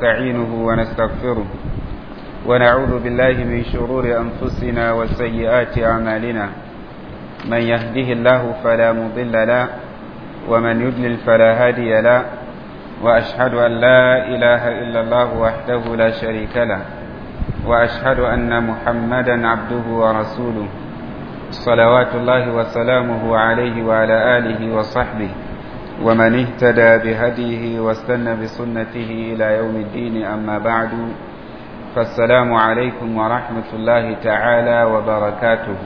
ونستعينه ونستغفره ونعوذ بالله من شرور أنفسنا وسيئات أعمالنا من يهده الله فلا مضل له ومن يدلل فلا هادي له وأشهد أن لا إله إلا الله وحده لا شريك له وأشهد أن محمدا عبده ورسوله صلوات الله وسلامه عليه وعلى آله وصحبه ومن اهتدى بهديه واستنى بسنته إلى يوم الدين أما بعد فالسلام عليكم ورحمة الله تعالى وبركاته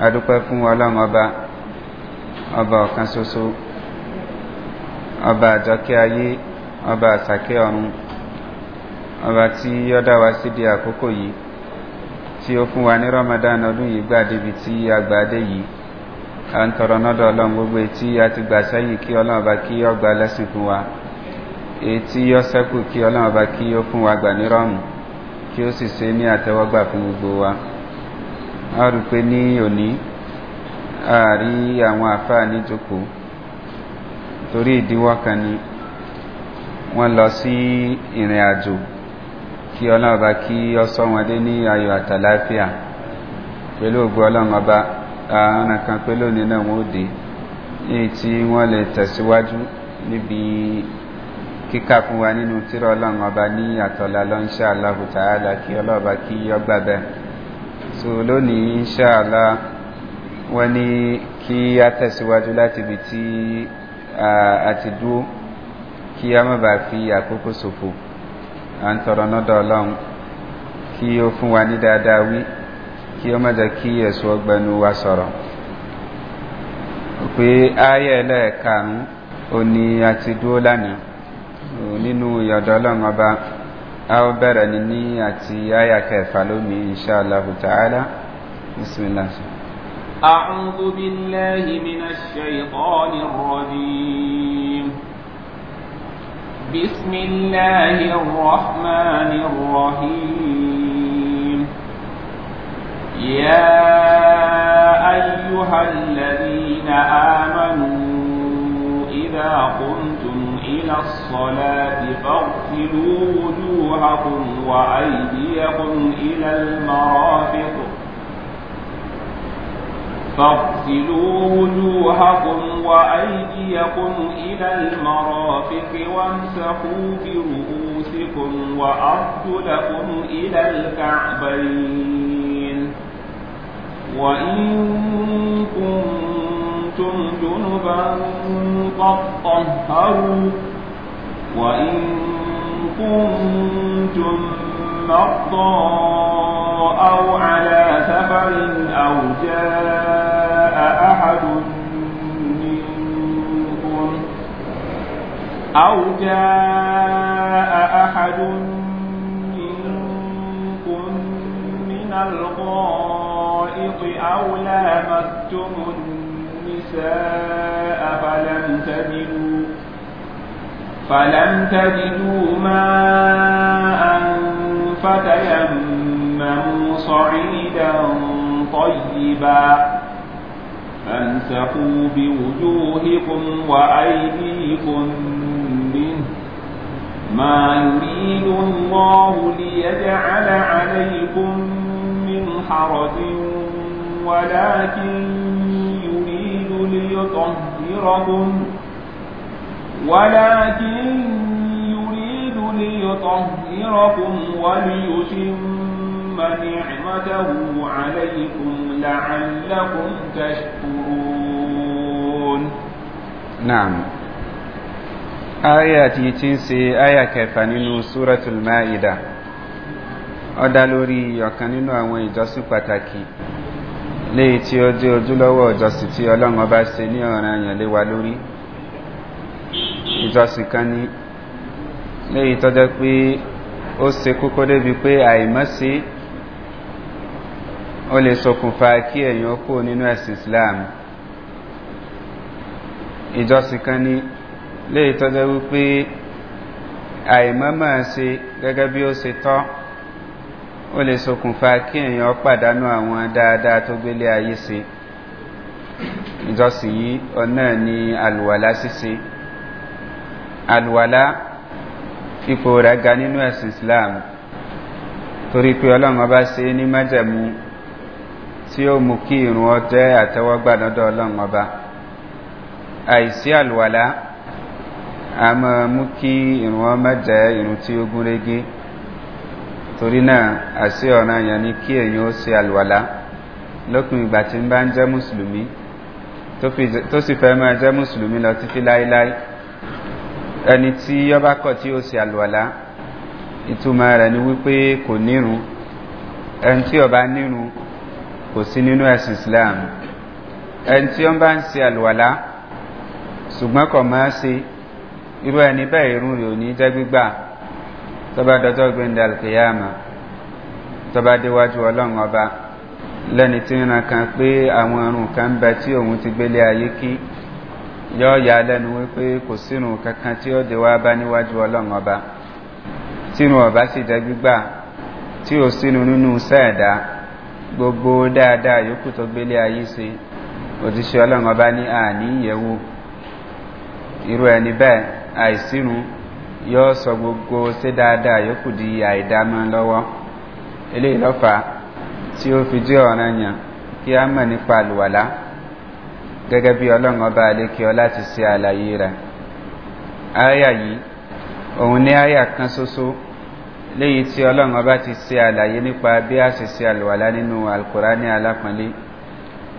أدوكم ولا مبا أبا كنسوسو أبا جاكياي أبا ساكيون أبا تي يودا واسيدي أكوكوي tí ó fún wa ní ramadan ọdún yìí gbà débi tí agbàdé yìí a ń tọrọ nọ́dọ̀ ọlọ́run gbogbo etí a ti gbà sẹ́yìn kí ọlọ́run bá kí ọgbà lẹ́sìn fún wa etí yọ sẹ́kù kí ọlọ́run bá kí ó fún wa gbà ní rọ́ọ̀mù kí ó sì ṣe ní àtẹ́wọ́gbà fún gbogbo wa a rí pé ní òní àárí àwọn àfáà níjòkó torí ìdíwọ́ kan ni wọ́n lọ sí ìrìn àjò kí ọlọ́run bá kí ọ sọ wọn dé ní ayọ̀ àtàláfíà pẹ̀lú ògbó ọlọ́run ọba ààrùn kan pé lónìí náà wọ́n dé ní tí wọ́n lè tẹ̀síwájú níbi kíkà fún wa nínú tírọ̀ ọlọ́run ọba ní àtọ̀là lọ́nṣà aláhùtàálà kí ọlọ́ọ̀bá kí ọgbà bẹ́ẹ̀ so lónìí ṣáàlá wọ́n ní kí a tẹ̀síwájú láti ibi tí a ti dúó kí a mọ́ bá fi àkókò sòfò à ń tọrọ nọ́dọ̀ ọlọ́run kí ó fún wa ní dáadáa wí kí ó mẹ́jẹ kí ẹ̀sùn ọgbẹ̀nu wa sọ̀rọ̀ pé ayẹ́ ẹlẹ́ẹ̀karùn ó ní a ti dúó lánàá nínú ìyọ̀dọ̀ ọlọ́run ọba a ó bẹ̀rẹ̀ ní ní àti ayà kẹfà lómi inṣáàláhù tààlá bismillah يا أيها الذين آمنوا إذا قمتم إلى الصلاة فاغسلوا وجوهكم وأيديكم إلى المرافق فاغسلوا وجوهكم وأيديكم إلى المرافق وامسحوا برؤوسكم وأرجلكم إلى الكعبين وإن كنتم جنبا فاطهروا وإن كنتم مرضى أو على سفر أو جاء أحد منكم أو جاء أحد منكم من الغار الحائط أو لامستم النساء فلم تجدوا فلم تجدوا ماء فتيمموا صعيدا طيبا فامسحوا بوجوهكم وأيديكم منه ما يريد الله ليجعل عليكم من حرج ولكن يريد ليطهركم ولكن يريد ليطهركم وليتم نعمته عليكم لعلكم تشكرون نعم aya tí tí ń ṣe aya kẹfà nínú suratul ma'ida ó dá lórí ọ̀kan nínú àwọn ìjọsìn pàtàkì léyìí tí ó jẹ́ ojúlọ́wọ́ ìjọsìn tí ọlọ́run ọba ṣe ní ọ̀ràn àyàn lé wa lórí ìjọsìn kan ní léyìí tọ́jọ́ pé ó ṣe kókó débi pé àìmọ́sí ó lè ṣokùnfà kí ẹ̀yìn ó kó nínú ẹ̀sìn islam ìjọsìn kan ní léyìí tọ́jọ́ wípé àìmọ́ máa ṣe gẹ́gẹ́ bí ó ṣe tọ́ ó lè ṣokùnfà kí èèyàn pàdánù àwọn dáadáa tó gbélé ayé se ìjọsìn yìí ọ̀nà ni àlùwàlá ṣíṣe àlùwàlá ipò rẹ̀ ga nínú ẹ̀sìn islam torí pé ọlọ́run ọba ṣe ní májẹ̀mú tí ó mú kí ìrún ọjẹ́ àtẹwọ́gbà lọ́dọ̀ ọlọ́run ọba àìsí àlùwàlá a máa mú kí ìrún ọmọ jẹ́ ìrún tí ó gúnrégé torí náà àṣẹ ọ̀ràn yẹn ni kí èyàn ó ṣe àlùwàlá lópin ìgbà tí ń bá ń jẹ́ mùsùlùmí tó sì fẹ́ máa jẹ́ mùsùlùmí lọ títí láíláí ẹni tí yọba kọ̀ tí ó ṣe àlùwàlá ìtumọ̀ rẹ̀ ni wípé kò nírun ẹni tí ọba nírun kò sí nínú ẹ̀sìn islam ẹni tí ó bá ń ṣe àlùwàlá ṣùgbọ́n kọ̀ máa ṣe irú ẹni bẹ́ẹ̀ irun rẹ̀ ò ní jẹ́ gbígbà tọba dọjọ́ gbẹ̀ndẹ̀ alkiyama tọba déwájú ọlọ́run ọba lẹ́ni tí ń kan pé àwọn ọrùn kan bẹ tí òun ti gbélé ayé kí yọ́ ya lẹ́nu wípé kò sínú kankan tí ó déwá bá níwájú ọlọ́run ọba tínú ọba sì jẹ́ gbígbà tí ó sínú nínú sẹ́ẹ̀dá gbogbo dáadáa yòókù tó gbélé ayé sí òjíṣẹ́ ọlọ́run ní àní irú ẹni bẹ́ẹ̀ àìsínú yóò sọ gbogbo ṣé dáadáa yòókù di àìdámọ́ lọ́wọ́ eléyìí lọ́fà tí ó fi jẹ́ ọ̀ràn yàn kí a mọ̀ nípa àlùwàlá gẹ́gẹ́ bí ọlọ́run ọba àlékíọ́ láti ṣe àlàyé rẹ̀ áyà yìí òun ní áyà kan ṣoṣo léyìí tí ọlọ́run ọba ti ṣe àlàyé nípa bí a ṣe ṣe àlùwàlá nínú alkùrá ní alápọ̀nlé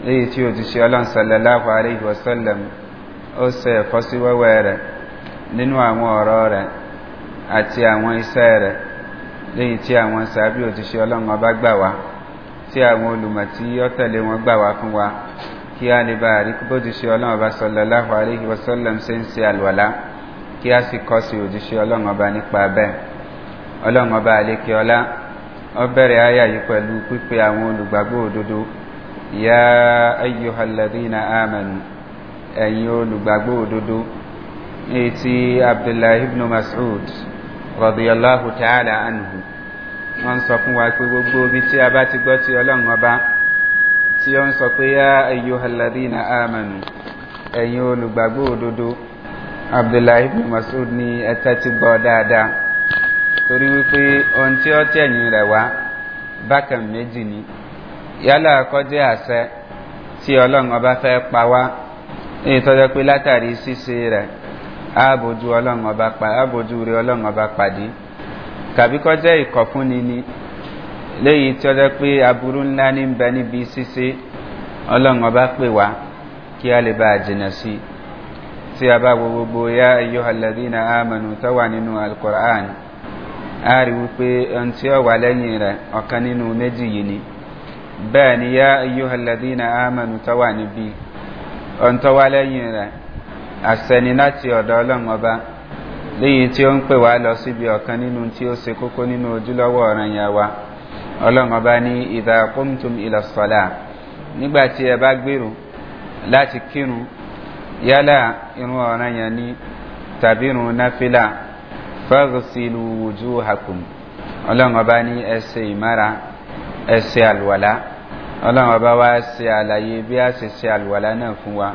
léyìí tí òjíṣẹ́ ọlọ́run sọlọ́láhùn aláìwọ̀sọ́lẹ̀m ó ṣe ẹ̀fọ́ sí wẹ́wẹ́ rẹ̀ nínú àwọn ọ̀rọ̀ rẹ̀ àti àwọn iṣẹ́ rẹ̀ léyìí tí àwọn sàábí òjíṣẹ́ ọlọ́run ọba gbà wá tí àwọn olùmọ̀ tí ó tẹ̀lé wọn gbà wá fún wa kí a lè bá rí bójíṣẹ́ ọlọ́run ọba sọlọ́láhù aléhi wasọ́lọ́m ṣe ń ṣe àlùwàlá kí a sì kọ́ sí òjíṣẹ́ ọlọ́run ọba nípa bẹ́ẹ̀ ọlọ́run ọba àlékè ọlá ó bẹ̀rẹ̀ ayà yìí pẹ̀lú pípe àwọn olùgbàgbọ́ òdodo ya ayyuhalladhina amanu ẹ̀yin olùgbàgbọ́ òdodo ti abdullahi ibn mas'ud rọ̀dìyàláhù tààlà ànùhù wọ́n sọ fún wa pé gbogbo omi tí a bá ti gbọ́ ti ọlọ́run ọba tí ó ń sọ pé yá ayò halladi na amanu ẹ̀yin olùgbàgbó òdodo abdullahi ibn mas'ud ni ẹ̀tẹ́ ti gbọ́ dáadáa torí wípé ohun tí ó tẹ̀yìn rẹ̀ wá bákan méjì ni yálà kọjá àṣẹ tí ọlọ́run ọba fẹ́ pa wá èyí tọ́jọ́ pé látàrí ṣíṣe rẹ̀ ààbòjú ọlọ́run ọba pàdé ààbòjú rí ọlọ́run ọba pàdé tàbí kọ́ jẹ́ ìkọ̀ ni léyìí tí ó jẹ́ pé aburú ńlá ní bẹ níbi ṣíṣe ọlọ́run ọba pè wá kí a lè bá a jìnà sí i tí a bá wo gbogbo ya ayọ́ alẹ́dínà àmàlù tó wà nínú alukur'an a rí wípé ohun tí ó wà lẹ́yìn rẹ̀ ọ̀kan nínú méjì yìí ni bẹ́ẹ̀ ni ya ayọ́ alẹ́dínà àmàlù tó wà níbi ohun tó wà lẹ́yìn rẹ̀ àṣẹni láti ọ̀dọ̀ ọlọ́run ọba léyìn tí ó ń pè wá lọ síbi ọ̀kan nínú tí ó se kókó nínú ojúlọ́wọ́ ọ̀ràn yà wa ọlọ́run ọba ní ìdá kóńtùm nigbati nígbàtí ẹ bá gbèrò láti kírun yálà irun ni tàbí irun náfìlà fẹ́rùsílù ojú hakùn ọlọ́run ọba ní ẹsẹ̀ ìmára ẹsẹ̀ àlùwàlá ọlọ́run ọba wá ṣe àlàyé bí a ṣe ṣe àlùwàlá náà fún wa.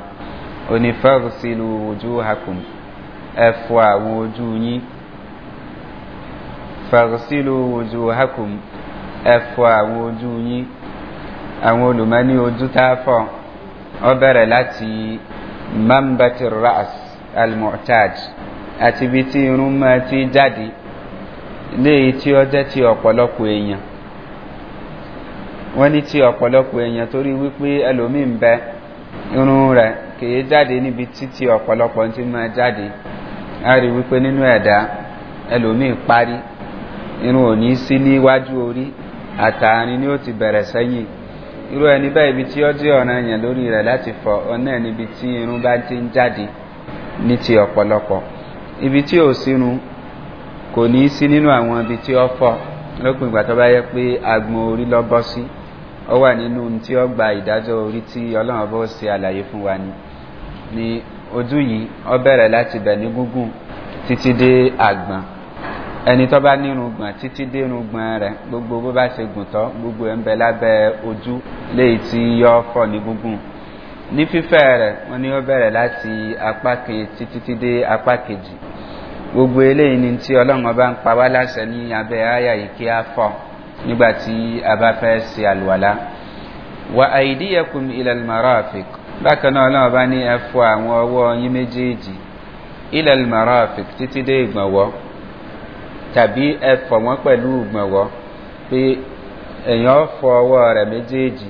onífẹ́rùsílù ojú hakùn ẹ̀fọ́ àwọn ojú yín fẹ̀rùsílù ojú hakùn ẹ̀fọ́ àwọn ojú yín àwọn olùmọ́ní ojú táfọ́ ọ bẹ̀rẹ̀ láti mambatir ras al-mu'taj àti ibi tí irun máa ti jáde léyìí tí ó jẹ́ ti ọ̀pọ̀lọpọ̀ èèyàn wọ́n ní ti ọ̀pọ̀lọpọ̀ èèyàn torí wípé ẹlòmíì bẹ́ẹ̀ irun rẹ̀ kìí jáde níbi títí ọ̀pọ̀lọpọ̀ tí máa jáde a rí wípé nínú ẹ̀dá ẹlòmíì parí irun ò ní sí níwájú orí àtàrin ni ó ti bẹ̀rẹ̀ sẹ́yìn irú ẹni bá ibi tí ó jẹ́ ọ̀ràn yẹn lórí rẹ̀ láti fọ ọ̀nà níbi tí irun bá ti ń jáde ní ti ọ̀pọ̀lọpọ̀ ibi tí ò sínú kò ní sí nínú àwọn ibi tí ó fọ lópin ìgbà tó bá yẹ pé agbọn orí lọ́bọ́ sí. Si ọ wà nínú tí ó gba ìdájọ́ orí tí ọlọ́run bó ṣe àlàyé fún wa ni ni ojú yìí ọ bẹ̀rẹ̀ láti bẹ̀ ní gúngùn títí dé àgbọ̀n ẹni tó bá nírun gbọ̀n títí dé irun gbọ̀n rẹ̀ gbogbo bó bá ṣe gùn tọ́ gbogbo ẹ̀ ń bẹ lábẹ́ ojú léyìí tí yọ fọ́ ní gúngùn ní fífẹ́ rẹ̀ wọ́n ní ó bẹ̀rẹ̀ láti apá kejì títí dé apá kejì gbogbo eléyìí ni tí ọlọ́run bá ń pa wá láṣẹ ní abẹ́ áyà yìí kí á fọ́ nígbà tí a bá fẹ́ ṣe àlùwàlá wa àìdíyẹkùn ilẹ̀lmarafik bákan náà náà bá ní ẹfọ àwọn ọwọ́ yín méjèèjì ilẹ̀lmarafik títí dé ìgbọ̀nwọ́ tàbí ẹfọ wọn pẹ̀lú ìgbọ̀nwọ́ pé èèyàn fọ ọwọ́ rẹ̀ méjèèjì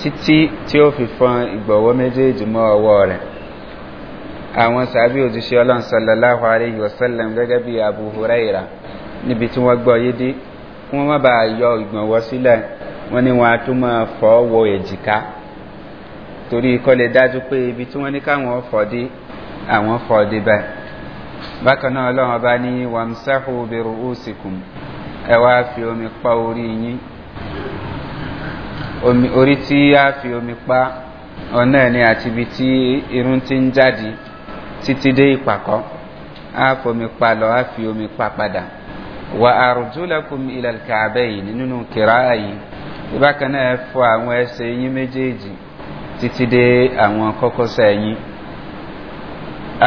títí tí ó fi fọn ìgbọ̀wọ́ méjèèjì mọ́ ọwọ́ rẹ̀ àwọn sàbí òjíṣẹ́ ọlọ́run sọlọ́láhùn aríyí wọ́sẹ́lẹ̀m gẹ́gẹ́ bí abu huraira níbi tí wọ́n gbọ́ yé dé kí wọ́n má bàa yọ ìgbọ̀nwọ́ sílẹ̀ wọ́n ní wọn a tún máa fọ́ wọ èjìká torí kọ́lẹ̀ dájú pé ibi tí wọ́n ní káwọn fọ́ dé àwọn fọ́ dé báyìí bákan náà ọlọ́run bá ní wàmsáhù bẹ̀rù òsìkùn ẹ wá fi omi pa orí yín orí tí a fi omi pa ọ̀nà ẹni àti ibi tí irun ti ń jáde títí dé ìpàkọ́ a fomi pa lọ a fi omi pa padà wa àrùjúlẹ̀kùn ila kàbẹ́yìn nínú kìráà yìí bákan náà fọ àwọn ẹsẹ̀ yín méjèèjì títí dé àwọn kọ́kọ́sẹ̀ yín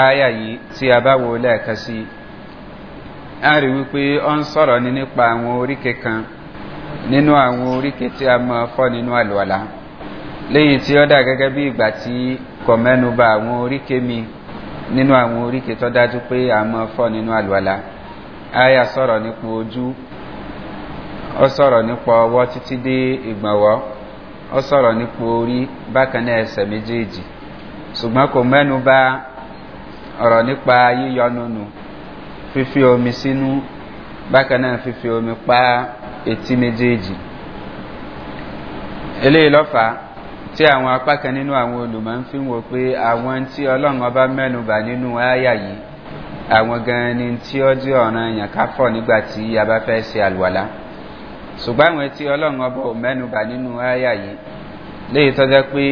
ááyà yìí tí a bá wo lẹ́ẹ̀kan sí a rí wípé ọ ń sọ̀rọ̀ ní nípa àwọn oríkè kan nínú àwọn oríkè tí a mọ fọ́ nínú àlùwàlá léyìn tí ó dà gẹ́gẹ́ bí ìgbà tí kò mẹ́nu ba àwọn oríkè mi nínú àwọn oríkè tó dájú pé a mọ fọ́ nínú àlùwàlá aya sọ̀rọ̀ nípa ojú ó sọ̀rọ̀ nípa ọwọ́ títí dé ìgbọ̀nwọ́ ó sọ̀rọ̀ nípa orí bákan náà ẹsẹ̀ méjèèjì ṣùgbọ́n kò mẹ́nu bá ọ̀rọ̀ nípa yíyọnunu fífi omi sínú bákan náà fífi omi pa etí méjèèjì eléyìí lọ́fà tí àwọn apá kan nínú àwọn olùmọ̀ ń fi wò pé àwọn tí ọlọ́run ọba mẹ́nu bà nínú ááyà yìí àwọn gan ni tí ó jẹ́ ọ̀ràn èèyàn ká fọ̀ nígbà tí a bá fẹ́ ṣe àlùwàlá ṣùgbọ́n àwọn etí ọlọ́run ọba ò mẹ́nuba nínú àyà yìí léyìí tọ́jọ́ pé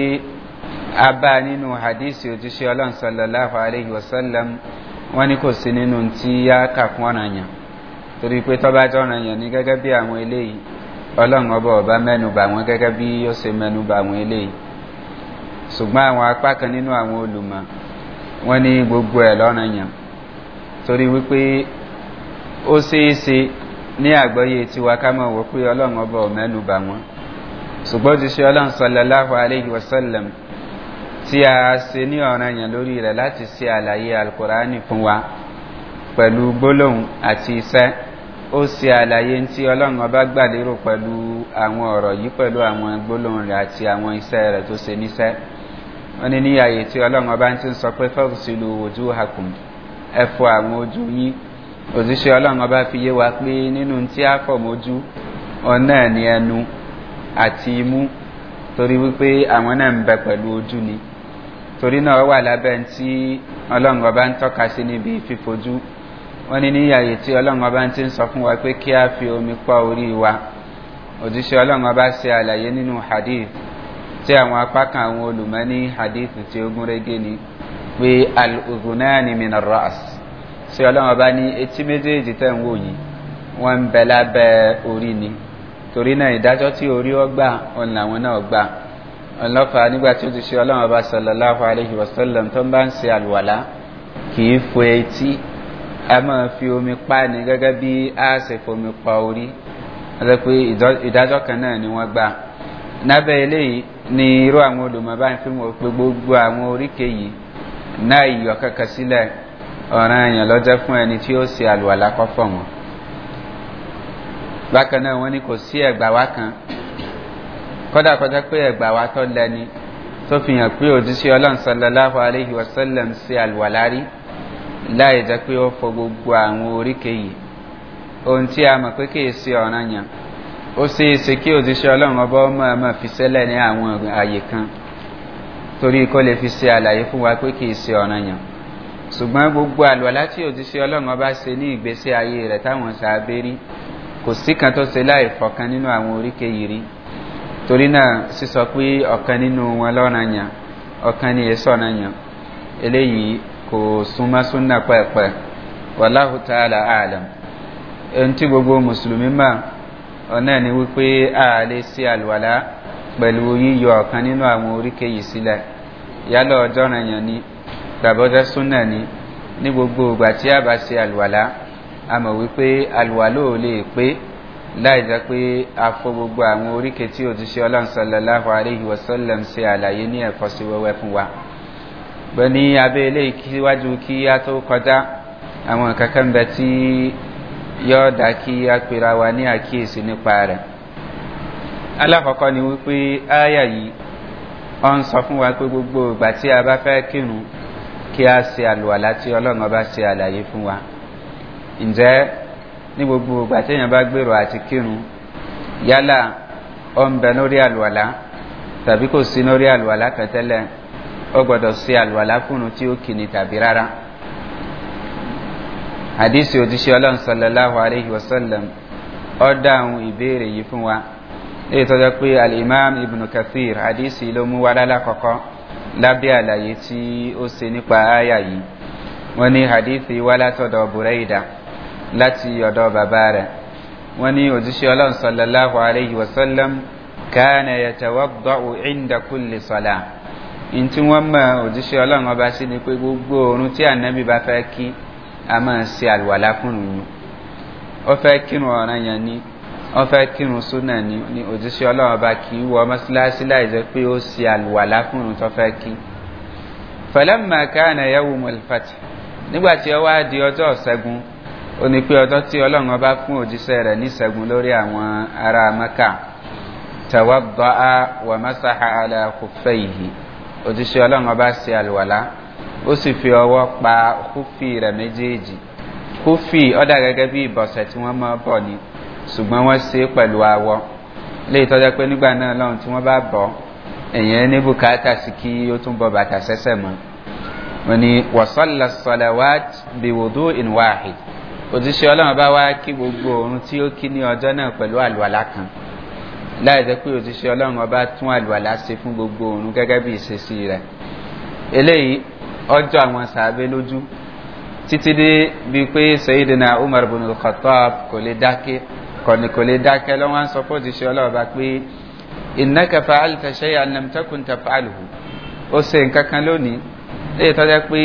a bá nínú hadith ojúṣe ọlọ́run sallallahu alayhi wa sallam wọ́n ní kò sí nínú tí a kà fún ọ̀ràn èèyàn torí pé tọ́ba jẹ́ ọ̀ràn èèyàn ní gẹ́gẹ́ bí àwọn eléyìí ọlọ́run ọba ọba mẹ́nuba wọn gẹ́gẹ́ bí ó ṣe mẹ́nuba àwọn eléyìí ṣùgbọ́n àwọn apá kan nínú àwọn olùmọ̀ wọ́n ní gbogbo ẹ̀ lọ́ràn èèyàn torí wípé ó ṣeéṣe ní àgbọ́yé tiwa ká mọ̀ wọ́n pé ọlọ́run ọba ọ̀mẹ́nu bà wọ́n ṣùgbọ́n ti ṣe ọlọ́run sọlọ́láhùn aléyìí wọ́sọ́lẹ̀m tí a ṣe ní ọ̀ràn yẹn lórí rẹ̀ láti ṣe àlàyé alukóraní fún wa pẹ̀lú gbólóhùn àti iṣẹ́ ó ṣe àlàyé tí ọlọ́run ọba gbàlérò pẹ̀lú àwọn ọ̀rọ̀ yìí pẹ̀lú àwọn gbólóhùn rẹ̀ àti àwọn iṣẹ́ rẹ̀ tó ṣe níṣẹ́ wọ́n ní ní àyè tí ọlọ́run ọba ti ń sọ pé fọ́ọ̀sì lu ojú hakùn ẹ̀fọ́ àwọn ojú yín òṣìṣẹ́ ọlọ́run ọba fi yé wa pé nínú tí a fọ̀ mójú ọ̀nà ní ẹnu àti imú torí wípé àwọn náà ń bẹ pẹ̀lú ojú ni torí náà wà lábẹ́ tí ọlọ́run ọba ń tọ́ka sí níbi fífojú wọ́n ní níyàyè tí ọlọ́run ọba ti ń sọ fún wa pé kí a fi omi pọ́ orí wa òjíṣẹ́ ọlọ́run ọba ṣe àlàyé nínú hadith tí àwọn apá kan àwọn olùmọ́ ní hadith tí ó gúnrégé ni pé al-uzunani minar ras ṣé ọlọ́run ọba ní etí méjèèjì tẹ̀ ń wò yìí wọ́n ń bẹ lábẹ́ orí ni torí náà ìdájọ́ tí orí ọgbà òun làwọn náà gbà ọlọ́fà nígbà tí ó ti ṣe ọlọ́run ọba sallallahu alayhi wa sallam tó ń bá ń ṣe àlùwàlá kì í fo etí a máa fi omi pa ni gẹ́gẹ́ bí a ṣe fomi pa orí ọjọ́ pé ìdájọ́ kan náà ni wọ́n gbà nábẹ́ eléyìí ni irú àwọn olùmọ̀ bá fi mọ̀ pé gbogbo àwọn oríkèé yìí náà ìyọ̀ kankan sílẹ̀ ọ̀ràn èèyàn lọ́jọ́ fún ẹni tí ó ṣe àlùwàlá kọ́ fọ̀ wọ́n bákan náà wọ́n ní kò sí ẹ̀gbà wá kan kọ́dà kọjá pé ẹ̀gbà wá tọ́ lẹ́ni tó fi hàn pé òjíṣẹ́ ọlọ́run sallallahu alayhi wa sallam ṣe àlùwàlá rí láì jẹ́ pé ó fọ gbogbo àwọn oríkè ohun tí a mọ̀ pé kìí ṣe ọ̀ràn yàn ó ṣe é ṣe kí òjíṣẹ́ ọlọ́run ọba ọmọ ọmọ fi sẹ́lẹ̀ ní àwọn àyè kan torí kó lè fi ṣe àlàyé fún wa pé kìí ṣe ọ̀nà yàn ṣùgbọ́n gbogbo àlọ́ láti òjíṣẹ́ ọlọ́run ọba ṣe ní ìgbésí ayé rẹ̀ táwọn ṣàbẹ́rí kò sí kan tó ṣe láì fọ̀kan nínú àwọn oríkè yìí rí torí náà sísọ pé ọ̀kan nínú wọn lọ́nà yàn ọ̀kan ní èso ọ̀nà yàn eléyìí kò súnmọ́ súnà pẹ̀pẹ̀ wàláhù tààlà àlàm ẹni tí gbogbo mùsùlùmí mà ọ̀nà ni wípé àlè sí àlùwàlá pẹ̀lú yíyọ ọ̀kan nínú àwọn oríkè yìí sílẹ̀ yálọ̀ ọjọ́rin yàn ni tàbọ́jẹ́ súnà ni ní gbogbo ìgbà tí a bá ṣe àlùwàlá a mọ̀ wípé àlùwàlá ò lè pé láì jẹ́ pé a fọ gbogbo àwọn oríkè tí ò ti ṣe ọlọ́nsọ̀lọ́láhùn àríhì wọ́sọ́lẹ̀m ṣe àlàyé ní ẹ̀kọ́ sí wẹ́wẹ́ fún wa bẹ́ abẹ́ ilé ìkíwájú kí a tó kọjá àwọn kankan bẹ tí yọ́ kí a pera wa ní àkíyèsí nípa rẹ̀ alákọ̀ọ́kọ́ ni wípé aya yìí ọ ń sọ fún wa pé gbogbo ìgbà tí a bá fẹ́ kírun kí a ṣe àlùwàlá tí ọlọ́run ọba ṣe àlàyé fún wa ǹjẹ́ ní gbogbo ìgbà tí èèyàn bá gbèrò àti kírun yálà ọ ń bẹ lórí àlùwàlá tàbí kò sí lórí àlùwàlá kẹtẹ́lẹ̀ ó gbọ́dọ̀ ṣe àlùwàlá fún un tí ó kì ní tàbí rárá àdísì òjíṣẹ́ ọlọ́run sọlọ́láhùn àríhì wọ́sọ́lẹ̀m ọ́ dá àwọn ìbéèrè yìí fún wa lè tọ́jọ́ pé al-imam ibn kathir hadisi ló mú wa lálàkọ́kọ́ lábẹ́ àlàyé tí ó se nípa àyà yìí wọ́n ní hadithi wá látọ̀dọ̀ bureida láti ọ̀dọ̀ bàbá rẹ̀ wọ́n ní òjíṣẹ́ ọlọ́run sallallahu fẹ́ kí ọ̀ràn yẹn ni wọ́n fẹ́ kírun súnà ní òjíṣẹ́ ọlọ́run bá kì í wọ mọ́síláṣí láìjẹ́ pé ó ṣe àlùwàlá fúnrun tó fẹ́ kí fẹlẹ́mà káàna yẹ́wò mọ̀lẹ́fàtì nígbà tí ó wá di ọjọ́ ṣẹ́gun ó ní pé ọjọ́ tí ọlọ́run bá fún òjíṣẹ́ rẹ̀ ní ṣẹ́gun lórí àwọn ará mẹ́kà tẹ̀wọ́dọ́ á wà mọ́sáhà aláàkúfẹ́ yìí òjíṣẹ́ ọlọ́run bá ṣe àlùwàlá ṣùgbọ́n wọ́n ṣe pẹ̀lú awọ lè tọ́jọ́ pé nígbà náà lọ́run tí wọ́n bá bọ̀ èèyàn ní bùkátà sí kí ó tún bọ bàtà sẹ́sẹ̀ mọ́ wọn ni wàsọ́lá sọ̀làwát bìwòdó ìnwáhì òjíṣẹ́ ọlọ́run bá wá kí gbogbo òun tí ó kí ní ọjọ́ náà pẹ̀lú àlùwàlá kan láì jẹ́ pé òjíṣẹ́ ọlọ́run ọba tún àlùwàlá ṣe fún gbogbo òun gẹ́gẹ́ bí ìṣesí rẹ̀ eléyìí ọjọ́ àwọn sàábé lójú títí dé bíi pé sẹ́yìdìnà umar bin al kò lè dákẹ́ kọ̀ni kò lè dákẹ́ lọ́wọ́n sọ fún òjíṣẹ́ ọlọ́ọ̀bá pé iná kẹfà alìtẹ̀ṣẹ́ ànàmtẹ́kùn tẹfà àlùhù ó se nǹkan kan lónìí léyìí tọ́jẹ́ pé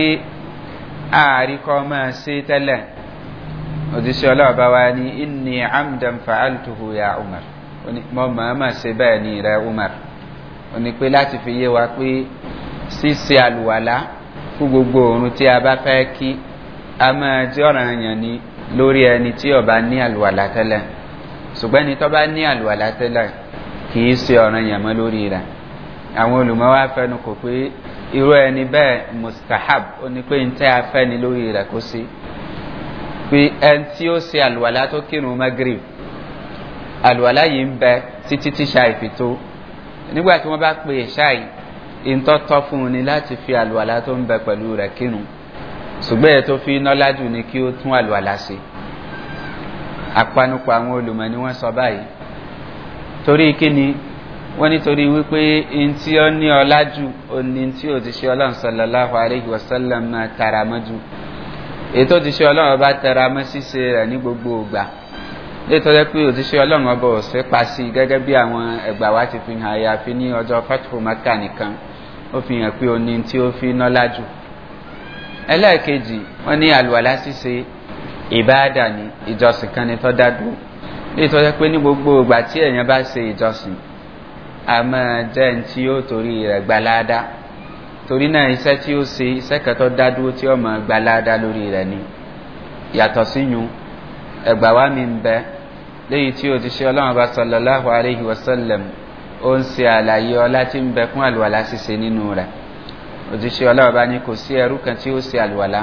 ààrí kọ́ máa ṣe tẹ́lẹ̀ òjíṣẹ́ ọlọ́ọ̀bá wa ní inni amdan fa'altuhu ya umar mọ́ màmá ṣe bẹ́ẹ̀ ni rẹ umar ó ní pé láti fi yé wa pé ṣíṣe àlùwàlá fún gbogbo òrun tí a bá fẹ́ kí a máa jẹ́ yàn ni lórí ẹni tí ọba ní àlùwàlá tẹ́lẹ̀ ṣùgbọ́n ẹni tó bá ní àlùwàlá tẹ́lẹ̀ kì í ṣe ọ̀ràn yàmọ́ lórí rẹ̀ àwọn olùmọ́ wa kò pé irú ẹni bẹ́ẹ̀ mustahab ó ní pé ntẹ́ afẹ́ni lórí rẹ̀ kó sí pé ẹni tí ó ṣe àlùwàlá tó kírun magrib àlùwàlá yìí ń bẹ títí tí ṣáì fi tó nígbà tí wọ́n bá pè ṣáì ìtọ́tọ́ fún un ni láti fi àlùwàlá tó ń bẹ pẹ̀lú rẹ̀ kírun ṣùgbọ́n ẹ̀ tó fi iná lájú ni kí ó tún àlùwàlá ṣe apanupọ̀ àwọn olùmọ̀ ni wọ́n sọ báyìí torí ni wọ́n nítorí wípé in tí ó ní ọlá jù ó ní tí ò ti ṣe ọlọ́run sọlọ́láhùn àríhì wọ́sọ́lọ́m náà tara mọ́ jù ètò ti ṣe ọlọ́run ọba tara mọ́ ṣíṣe rẹ̀ ní gbogbo ògbà nítorí pé ò ti ṣe ọlọ́run ọba ò pa sí gẹ́gẹ́ bí àwọn ẹgbà wa ti fi hàn àyàfi ní ọjọ́ fatihu maka nìkan ó fi hàn pé ó ní tí ó fi nọ́lá jù ẹlẹ́ẹ̀kejì wọ́n ní àlùwàlá ṣíṣe ìbáàdà ni ìjọsìn kan ni tó dádó ní tó jẹ́ pé ní gbogbo ìgbà tí èèyàn bá ṣe ìjọsìn a máa jẹ́ ní tí yóò torí rẹ̀ gbalada torí náà iṣẹ́ tí ó ṣe iṣẹ́ kan tó dádó tí ó máa gbalada lórí rẹ̀ ni yàtọ̀ síyún ẹgbà wá mi ń bẹ léyìí tí ó ti ṣe ọlọ́run bá sọlọ́láhùn aláìhí wasallam ó ń ṣe àlàyé ọlá tí ń bẹ fún àlùwàlá ṣiṣe nínú rẹ̀ òjíṣẹ́ ọlọ́run bá ní kò sí ẹrú kan tí ó ṣe àlùwàlá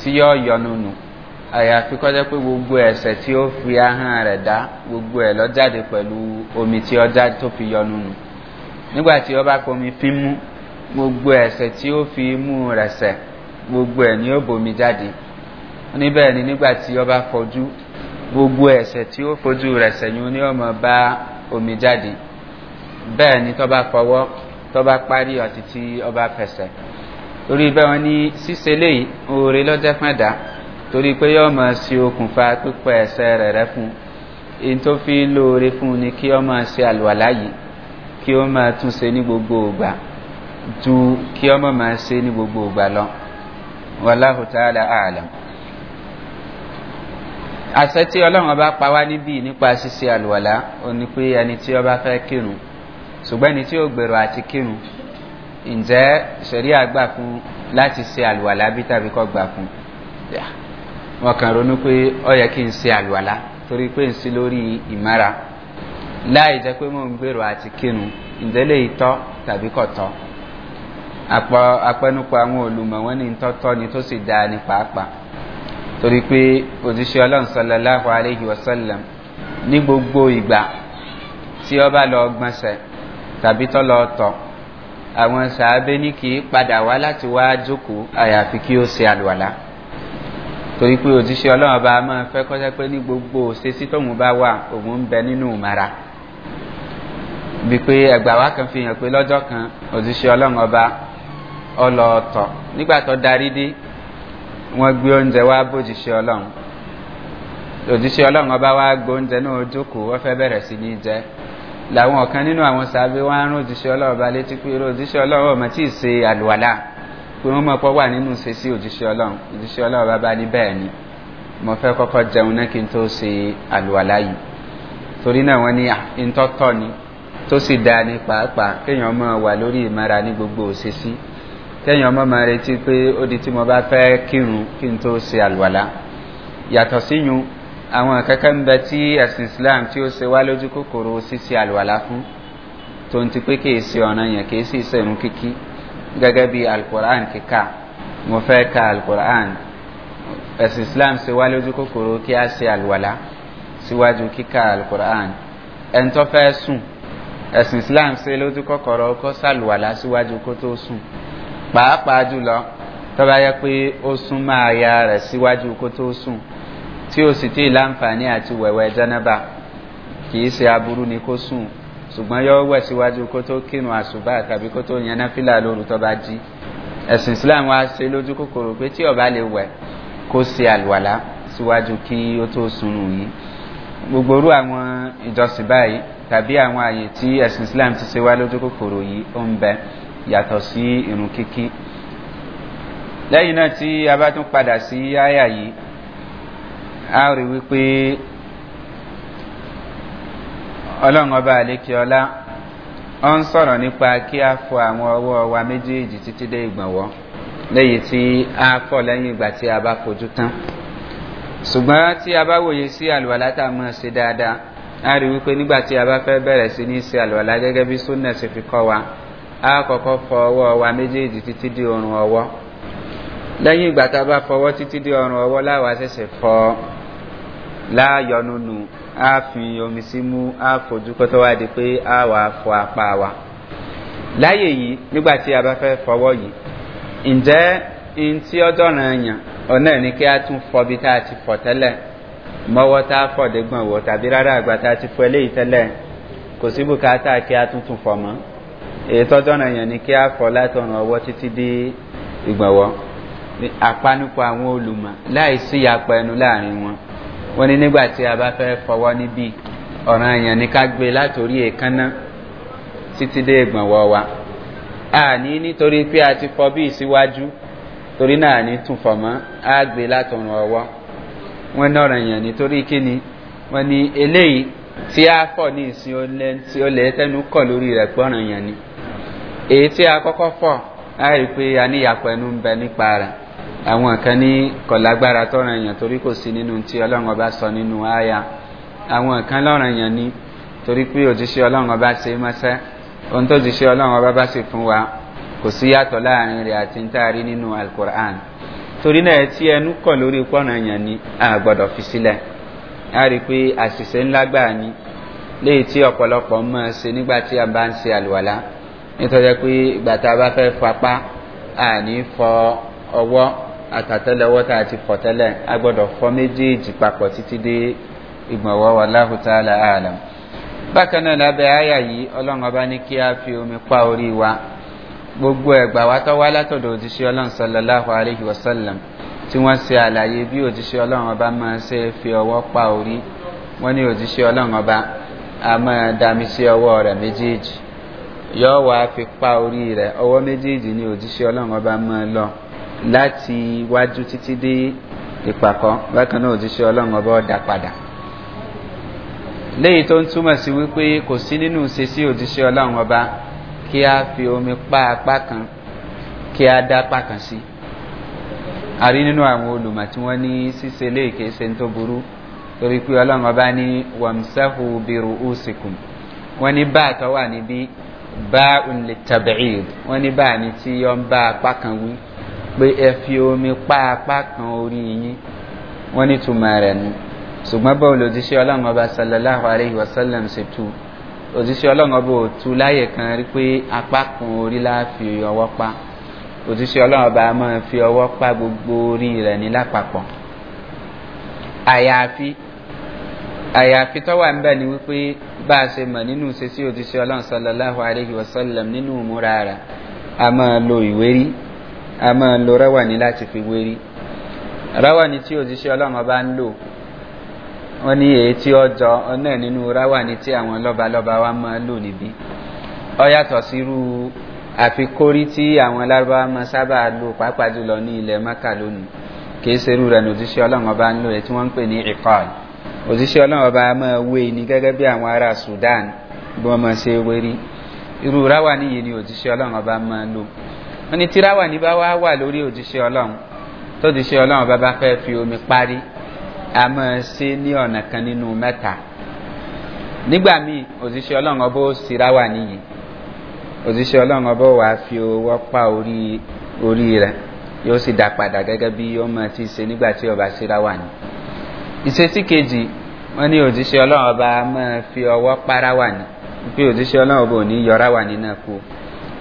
tí yóò yọnu nù àyàfi kọjá pé gbogbo ẹ̀sẹ̀ tí ó fi ahọ́n rẹ̀ dá gbogbo ẹ̀ lọ́jáde pẹ̀lú omi tí ọjà tó fi yọnu nù nígbà tí ọba pomi fi mú gbogbo ẹ̀sẹ̀ tí ó fi mú rẹ̀ gbogbo ẹ̀ ni ó bomi jáde níbẹ̀ ni nígbà tí ọba fojú gbogbo ẹ̀sẹ̀ tí ó fojú rẹ̀ sẹ̀ ni ó ní ọmọ bá omi jáde bẹ́ẹ̀ ni tọ́ba fọwọ́ tọ́ba parí ọtí tí ọba fẹsẹ̀ torí bẹ́ẹ̀ wọn ní ṣíṣe léyìí oore lọ́jẹ́ fún ẹ̀dá torí pé yọ́ máa sí okùnfà pípẹ́ ẹ̀sẹ̀ rẹ̀ rẹ́ fún in tó fi lóore fún ni kí ọ máa sí àlùwàlá yìí kí ó máa tún se ní gbogbo ògbà ju kí ọ máa se ní gbogbo ògbà lọ wàláhùtàlá àlàm àṣẹ tí ọlọ́run ọba pa wá níbí nípa ṣíṣe àlùwàlá ó ní pé ẹni tí ọba fẹ́ kírun ṣùgbọ́n ẹni tí ó gbèrò àti kírun ǹjẹ́ ṣẹ̀rí àgbà fún láti ṣe àlùwàlá bí tàbí kọ́ gbà fún wọn kàn ronú pé ọ yẹ kí n ṣe àlùwàlá torí pé n sí lórí ìmára láì jẹ́ pé mò ń gbèrò àti kínu ìdẹ́lẹ̀ ìtọ́ tàbí kọ̀tọ́ apẹnupọ àwọn olùmọ̀ wọn ní tọ́tọ́ ni tó sì dáa ní pàápàá torí pé òjíṣẹ́ ọlọ́run sọlọ́láhùn aléhi wasallam ní gbogbo ìgbà tí ọ bá lọ gbọ́nsẹ̀ tàbí tọ́ lọ tọ̀ àwọn sàábé ní kì í padà wá láti wá jókòó àyàfi kí ó ṣe àlùwàlá torí pé òjíṣẹ́ ọlọ́run bá máa fẹ́ kọ́jẹ́ pé ní gbogbo òṣè sí tóun bá wà òun ń bẹ nínú ìmọ̀ra bí pé ẹgbà wá kan fi hàn pé lọ́jọ́ kan òjíṣẹ́ ọlọ́run ọba ọlọ́ọ̀tọ̀ nígbà tó darí dé wọ́n gbé oúnjẹ wá bójíṣẹ́ ọlọ́run òjíṣẹ́ ọlọ́run ọba wá gbó oúnjẹ náà jókòó wọ́n fẹ́ bẹ̀rẹ̀ sí ní jẹ làwọn ọ̀kan nínú àwọn sàbí wá ń rún òjíṣẹ́ ọlọ́run ọba létí pé òjíṣẹ́ ọlọ́run ọmọ tí ì se àlùwàlà pé wọ́n mọ̀ pọ́ wà nínú ṣe sí òjíṣẹ́ ọlọ́run òjíṣẹ́ ọlọ́run bá bá ní bẹ́ẹ̀ ni mo fẹ́ kọ́kọ́ jẹun náà kí n tó ṣe àlùwàlá yìí torí náà wọ́n ní ìtọ́tọ́ ah, ni tó sì dáa ní pàápàá kéèyàn mọ̀ wà lórí ìmọ̀ra ní gbogbo òṣèṣí kéèyàn mọ̀ máa retí pé ó di tí mo bá fẹ́ kírun kí n tó ṣe àlùwàlá yàtọ̀ síyun àwọn kankan ń bẹ tí ẹ̀sìn islam tí ó ṣe wá lójú kòkòrò ṣíṣe àlùwàlá fún tó ń ti pé kìí ṣe ọ̀nà yẹn kìí sì ṣe ìrún kíkí gẹ́gẹ́ bí alukur'an kíkà mo fẹ́ ka alukur'an ẹ̀sìn islam ṣe wá lójú kòkòrò kí a ṣe àlùwàlá síwájú kíkà alukur'an ẹni tó fẹ́ sùn ẹ̀sìn islam ṣe lójú kòkòrò kó ṣàlùwàlá síwájú kó tó sùn pàápàá jùlọ tó bá yẹ pé ó sún máa ya rẹ̀ síwájú kó tó sùn tí ó sì tí láǹfààní àti wẹ̀wẹ̀ jẹ́nẹ́bà kì í ṣe aburú ni kó sùn ṣùgbọ́n yọ wẹ̀ síwájú kó tó kírun àṣùbà tàbí kó tó yan náfìlà lóru tó bá jí ẹ̀sìn islam wa ṣe lójú kòkòrò pé tí ọba lè wẹ̀ kó ṣe àlùwàlá síwájú kí ó tó sunù yìí gbogbo orú àwọn ìjọsìn báyìí tàbí àwọn àyè tí ẹ̀sìn islam ti ṣe wá lójú kòkòrò yìí ó ń bẹ yàtọ̀ sí irun kíkí lẹ́yìn náà tí a bá tún padà sí áyà yìí a rí wípé ọlọ́run ọba àlékè ọlá ọ ń sọ̀rọ̀ nípa kí a fọ àwọn ọwọ́ wa méjèèjì títí dé ìgbọ̀nwọ́ léyìí tí a fọ̀ lẹ́yìn ìgbà tí a bá fojú tán ṣùgbọ́n tí a bá wòye sí àlùwàlá tá a mọ̀ ṣe dáadáa a rí wípé nígbà tí a bá fẹ́ bẹ̀rẹ̀ sí ní ṣe àlùwàlá gẹ́gẹ́ bí súnà ṣe fi kọ́ wa a kọ́kọ́ fọ ọwọ́ wa méjèèjì títí dé ọrùn ọwọ́ lẹ́yìn ìgbà tá a bá fọwọ́ títí dé ọrùn ọwọ́ láwa ṣẹ̀ṣẹ̀ fọ láàyọnúnú á fi omi sí mú á fojú kótó wá di pé á wà fọ apá wa láyè yìí nígbà tí a bá fẹ́ fọwọ́ yìí ǹjẹ́ n tí ọjọ́ náà yàn ọ̀nà ní kí a tún fọ bí tá a ti fọ tẹ́lẹ̀ mọ́wọ́ tá a fọ̀ dégbọ̀n wò tàbí rárá àgbà tá a ti fọ eléyìí tẹ́lẹ̀ kò sí bùkátà kí a tún tún fọ mọ́ èyí tọ́jọ́ náà yàn ní kí a fọ látọ̀nà ọwọ́ títí dé ìgbọ̀nwọ́ apanupọ̀ àwọn olùmọ̀ láìsí yapa láàrin wọn wọ́n ní nígbà tí a bá fẹ́ fọwọ́ níbí ọ̀ràn èèyàn ní ká gbé látòrí èékánná títí dé ìgbọ̀nwọ́ wa a ní nítorí pé a ti fọ bí ìsíwájú torí náà ní tún fọ mọ́ a gbé látọ̀run ọwọ́ wọ́n ní ọ̀ràn èèyàn nítorí kíni wọ́n ní eléyìí tí a fọ̀ ní ìsìn ó lẹ́ tẹ́nu kọ̀ lórí rẹ̀ pé ọ̀ràn ni èyí tí a kọ́kọ́ fọ̀ láì pé a níyàpọ̀ ẹnu ń bẹ nípa rẹ̀ àwọn kan ní kọ̀lágbára tọ́ràn èèyàn torí kò sí nínú tí ọlọ́run ọba sọ nínú àyà àwọn kan lọ́ràn èèyàn ní torí pé òjíṣẹ́ ọlọ́run ọba ṣe mọ́sẹ́ ohun tó jíṣẹ́ ọlọ́run ọba bá sì fún wa kò sí yàtọ̀ láàrin rẹ̀ àti ń táàrí nínú alukur'an torí náà tí ẹnu kọ̀ lórí pọ́nà èèyàn ní àgbọ̀dọ̀ fi sílẹ̀ a rí pé àṣìṣe ńlá gbà léyìí tí ọ̀pọ̀lọpọ̀ mọ̀ ṣe nígbà tí a bá ń ṣe àlùwàlá nítorí pé ìgbà tá a bá fẹ́ fapá àní fọ ọwọ́ àtàtẹ́lẹwọ́ tá a ti fọ̀ tẹ́lẹ̀ a gbọ́dọ̀ fọ méjèèjì papọ̀ títí dé ìgbọ̀nwọ́ wa láhùtá àlàálà bákan náà lábẹ́ àyà yìí ọlọ́run ọba ní kí a fi omi pa orí wa gbogbo ẹ̀gbà wa tó wá látọ̀dọ̀ òjíṣẹ́ ọlọ́run sallallahu alayhi wa sallam tí wọ́n ṣe àlàyé bí òjíṣẹ́ ọlọ́run ọba máa ṣe fi ọwọ́ pa orí wọ́n ní òjíṣẹ́ ọlọ́run ọba a máa dami sí ọwọ́ rẹ̀ méjèèjì yọ́ wàá fi pa orí rẹ̀ ọwọ́ méjèèjì ni òjíṣẹ́ ọlọ́run ọba máa lọ láti wájú títí dé ìpàkọ́ bákan náà òjíṣẹ́ ọlọ́run ọba ọ̀dà padà léyìí tó ń túmọ̀ sí wípé kò sí nínú ṣe sí òjíṣẹ́ ọlọ́run ọba kí a fi omi pa apá kan kí a dá apá kan sí a rí nínú àwọn olùmọ̀ tí wọ́n ní ṣíṣe léèké ṣe ń tó burú torí pé ọlọ́run ọba ní wàmsáhù bírú ùsìkùn wọ́n ní bá àtọ́wà níbí bá òǹlẹ̀ tàbíìd wọ́n ní bá àní tí yọ ń bá apá kan wí pé ẹ fi omi pa apá kan orí yín wọ́n ní túmọ̀ rẹ̀ nu ṣùgbọ́n bá olùdíṣẹ́ ọlọ́run ọba sallallahu alayhi wa sallam ṣe tu òdíṣẹ́ ọlọ́run ọba ò tu láyè kan rí pé apá kan orí láà fi ọwọ́ pa òdíṣẹ́ ọlọ́run ọba máa fi ọwọ́ pa gbogbo orí rẹ̀ ní lápapọ̀ àyàfi àyàfi tó wà ń ni wípé bá a ṣe mọ̀ nínú ṣe sí òdíṣẹ́ ọlọ́run sallallahu alayhi wa sallam nínú ìmúra rẹ̀ a máa lo ìwérí a máa lo ráwàní láti fi wérí ráwàní tí òjíṣẹ́ ọlọ́mọ bá ń lò wọ́n ní èyí tí ó jọ ọ̀nà nínú ráwàní tí àwọn lọ́balọ́ba wa máa lò níbí ọ yàtọ̀ sírú àfikórí tí àwọn lárúbáwá máa sábà lò pàápàá jùlọ ní ilẹ̀ mẹ́kà lónìí kìí serú rẹ̀ ní òjíṣẹ́ ọlọ́mọ bá ń lò rẹ̀ tí wọ́n ń pè ní ìkọ́ọ̀lù òjíṣẹ́ ọlọ́run ọba máa wé ní gẹ́gẹ́ bí àwọn ará sudan bí wọ́n máa ṣe wérí irú ráwà níyì ni òjíṣẹ́ ọlọ́run ọba máa lò wọ́n ní tíráwà ní bá wá wà lórí òjíṣẹ́ ọlọ́run tó ti ṣe ọlọ́run bá bá fẹ́ fi omi parí a máa ṣe ní ọ̀nà kan nínú mẹ́ta nígbà míì òjíṣẹ́ ọlọ́run ọbọ̀ síráwà nìyí òjíṣẹ́ ọlọ́run ọbọ̀ wàá fi owó pa orí orí rẹ̀ yóò sì dá padà gẹ́gẹ́ bí ó máa ti ṣe nígbà tí ọba síráwà ni ìṣesí kejì wọ́n ní òjíṣẹ́ ọlọ́run ọba máa fi ọwọ́ para wà ní pé òjíṣẹ́ ọlọ́run ọba ò ní yọra wà nínú ẹ̀kọ́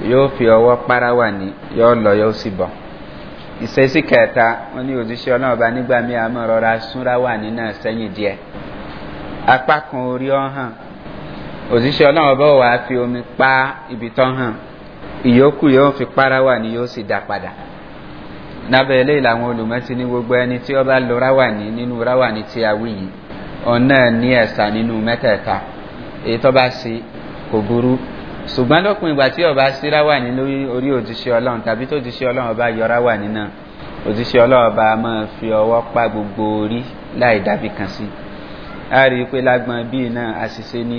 yóò fi ọwọ́ páráwà ní yóò lọ yóò sì bọ̀ ìṣesí kẹta wọn ní òjíṣẹ́ ọlọ́run nígbà míì àmọ́ rọra súnráwà ní náà sẹ́yìn díẹ̀ apá kan orí ọ̀hàn òjíṣẹ́ wà á fi omi pa ibi tán hàn ìyókù yóò fi páráwà ní yóò sì dá padà lábẹ́ eléyìí ní gbogbo ẹni tí ó bá lo ráwà ní nínú ráwà ní tí ní ẹ̀sà nínú mẹ́tẹ̀ẹ̀ta èyí tó bá ṣùgbọ́n lópin ìgbà tí ọba síra wà ní lórí orí òjíṣẹ́ ọlọ́run tàbí tó jíṣẹ́ ọlọ́run ọba yọra wà nínà òjíṣẹ́ ọlọ́run ọba máa fi ọwọ́ pa gbogbo orí láì dábì kan sí a rí i pé lágbọn bíi náà àṣìṣe ní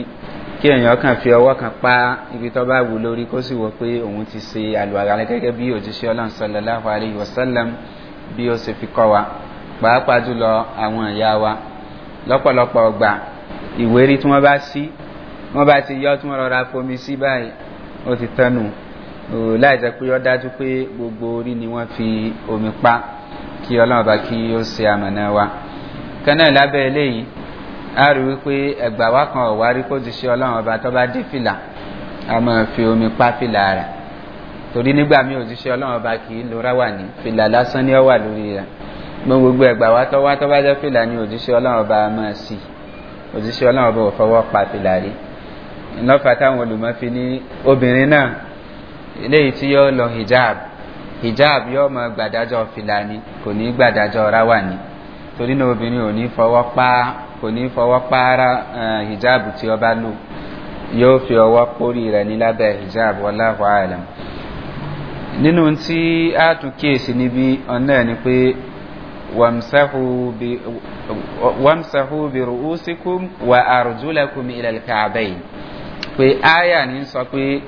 kí èèyàn kan fi ọwọ́ kan pa ibi tó bá wù lórí kó sì wọ pé òun ti ṣe àlùwàrà gẹ́gẹ́ bí òjíṣẹ́ ọlọ́run sọlọ́láhùn àríyí wọ́sálàm bí ó ṣe fi kọ́ wa pàápàá jùlọ àwọn ìyá wọ́n bá ti yọ́ tí wọ́n rọra fomi sí báyìí ó ti tẹnu láìjẹ́ pé ó dájú pé gbogbo orí ni wọ́n fi omi pa kí ọlọ́run bá kí ó ṣe àmọ̀nà wa kẹ́nà lábẹ́ eléyìí a rí wípé ẹgbà wá kan ọ̀wá rí kó ti ṣe ọlọ́run ọba tó bá dé fìlà a máa fi omi pa fìlà rẹ̀ torí nígbà míì òjíṣẹ́ ọlọ́run ọba kì í lo ráwà ní fìlà lásán ni ó wà lórí rẹ̀ gbogbo ẹgbà wá tó bá jẹ́ fìlà ni òjíṣẹ́ ọlọ́run máa sì òjíṣẹ́ ọlọ́run ò fọwọ́ pa fìlà rí ńlọ́fà táwọn olùmọ́ fi ní obìnrin náà eléyìí tí yóò lọ hijab hijab yóò mọ gbàdájọ́ filani kò ní gbàdájọ́ ráwàní torí náà obìnrin ò ní fọwọ́ pa kò ní fọwọ́ pa ara eh, hijab tí ó bá lò yóò fi ọwọ́ pórí rẹ̀ ní lábẹ́ hijab wọláhùn àlàm nínú tí a tún kíyèsí níbi ọ̀nà ni pé wàmsáhù bí rùúsíkùm wà àrùjúlẹ̀kùm ilẹ̀ kàbẹ́yìn pé aya ni sọ pé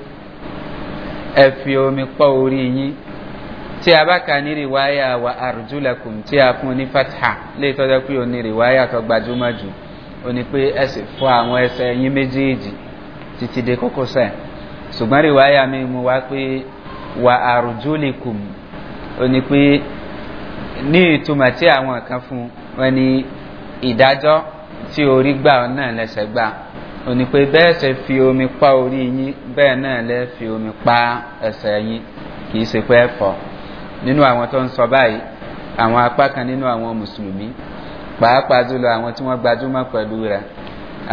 ẹ fi omi pọ́ orí yín tí a bá ka ní rìwáyà wa arjulakum tí a fún ní fatha lè tọ́jú pé o ní rìwáyà tó gbajúmọ̀ jù o ní pé ẹ sì fọ àwọn ẹsẹ̀ yín méjèèjì títí dé kókósẹ̀ ṣùgbọ́n rìwáyà mi mú wá pé wa arjulikum o ní pé ní ìtumọ̀ tí àwọn kan fún wọn ní ìdájọ́ tí orí gbà náà lẹ́sẹ̀ gbà òní pé bẹ́ẹ̀ ṣe fi omi pa orí yín bẹ́ẹ̀ náà lẹ́ fi omi pa ẹsẹ̀ yín kìí ṣe pé ẹ̀fọ́ nínú àwọn tó ń sọ báyìí àwọn apá kan nínú àwọn mùsùlùmí pàápàá jùlọ àwọn tí wọ́n gbajúmọ̀ pẹ̀lú rẹ̀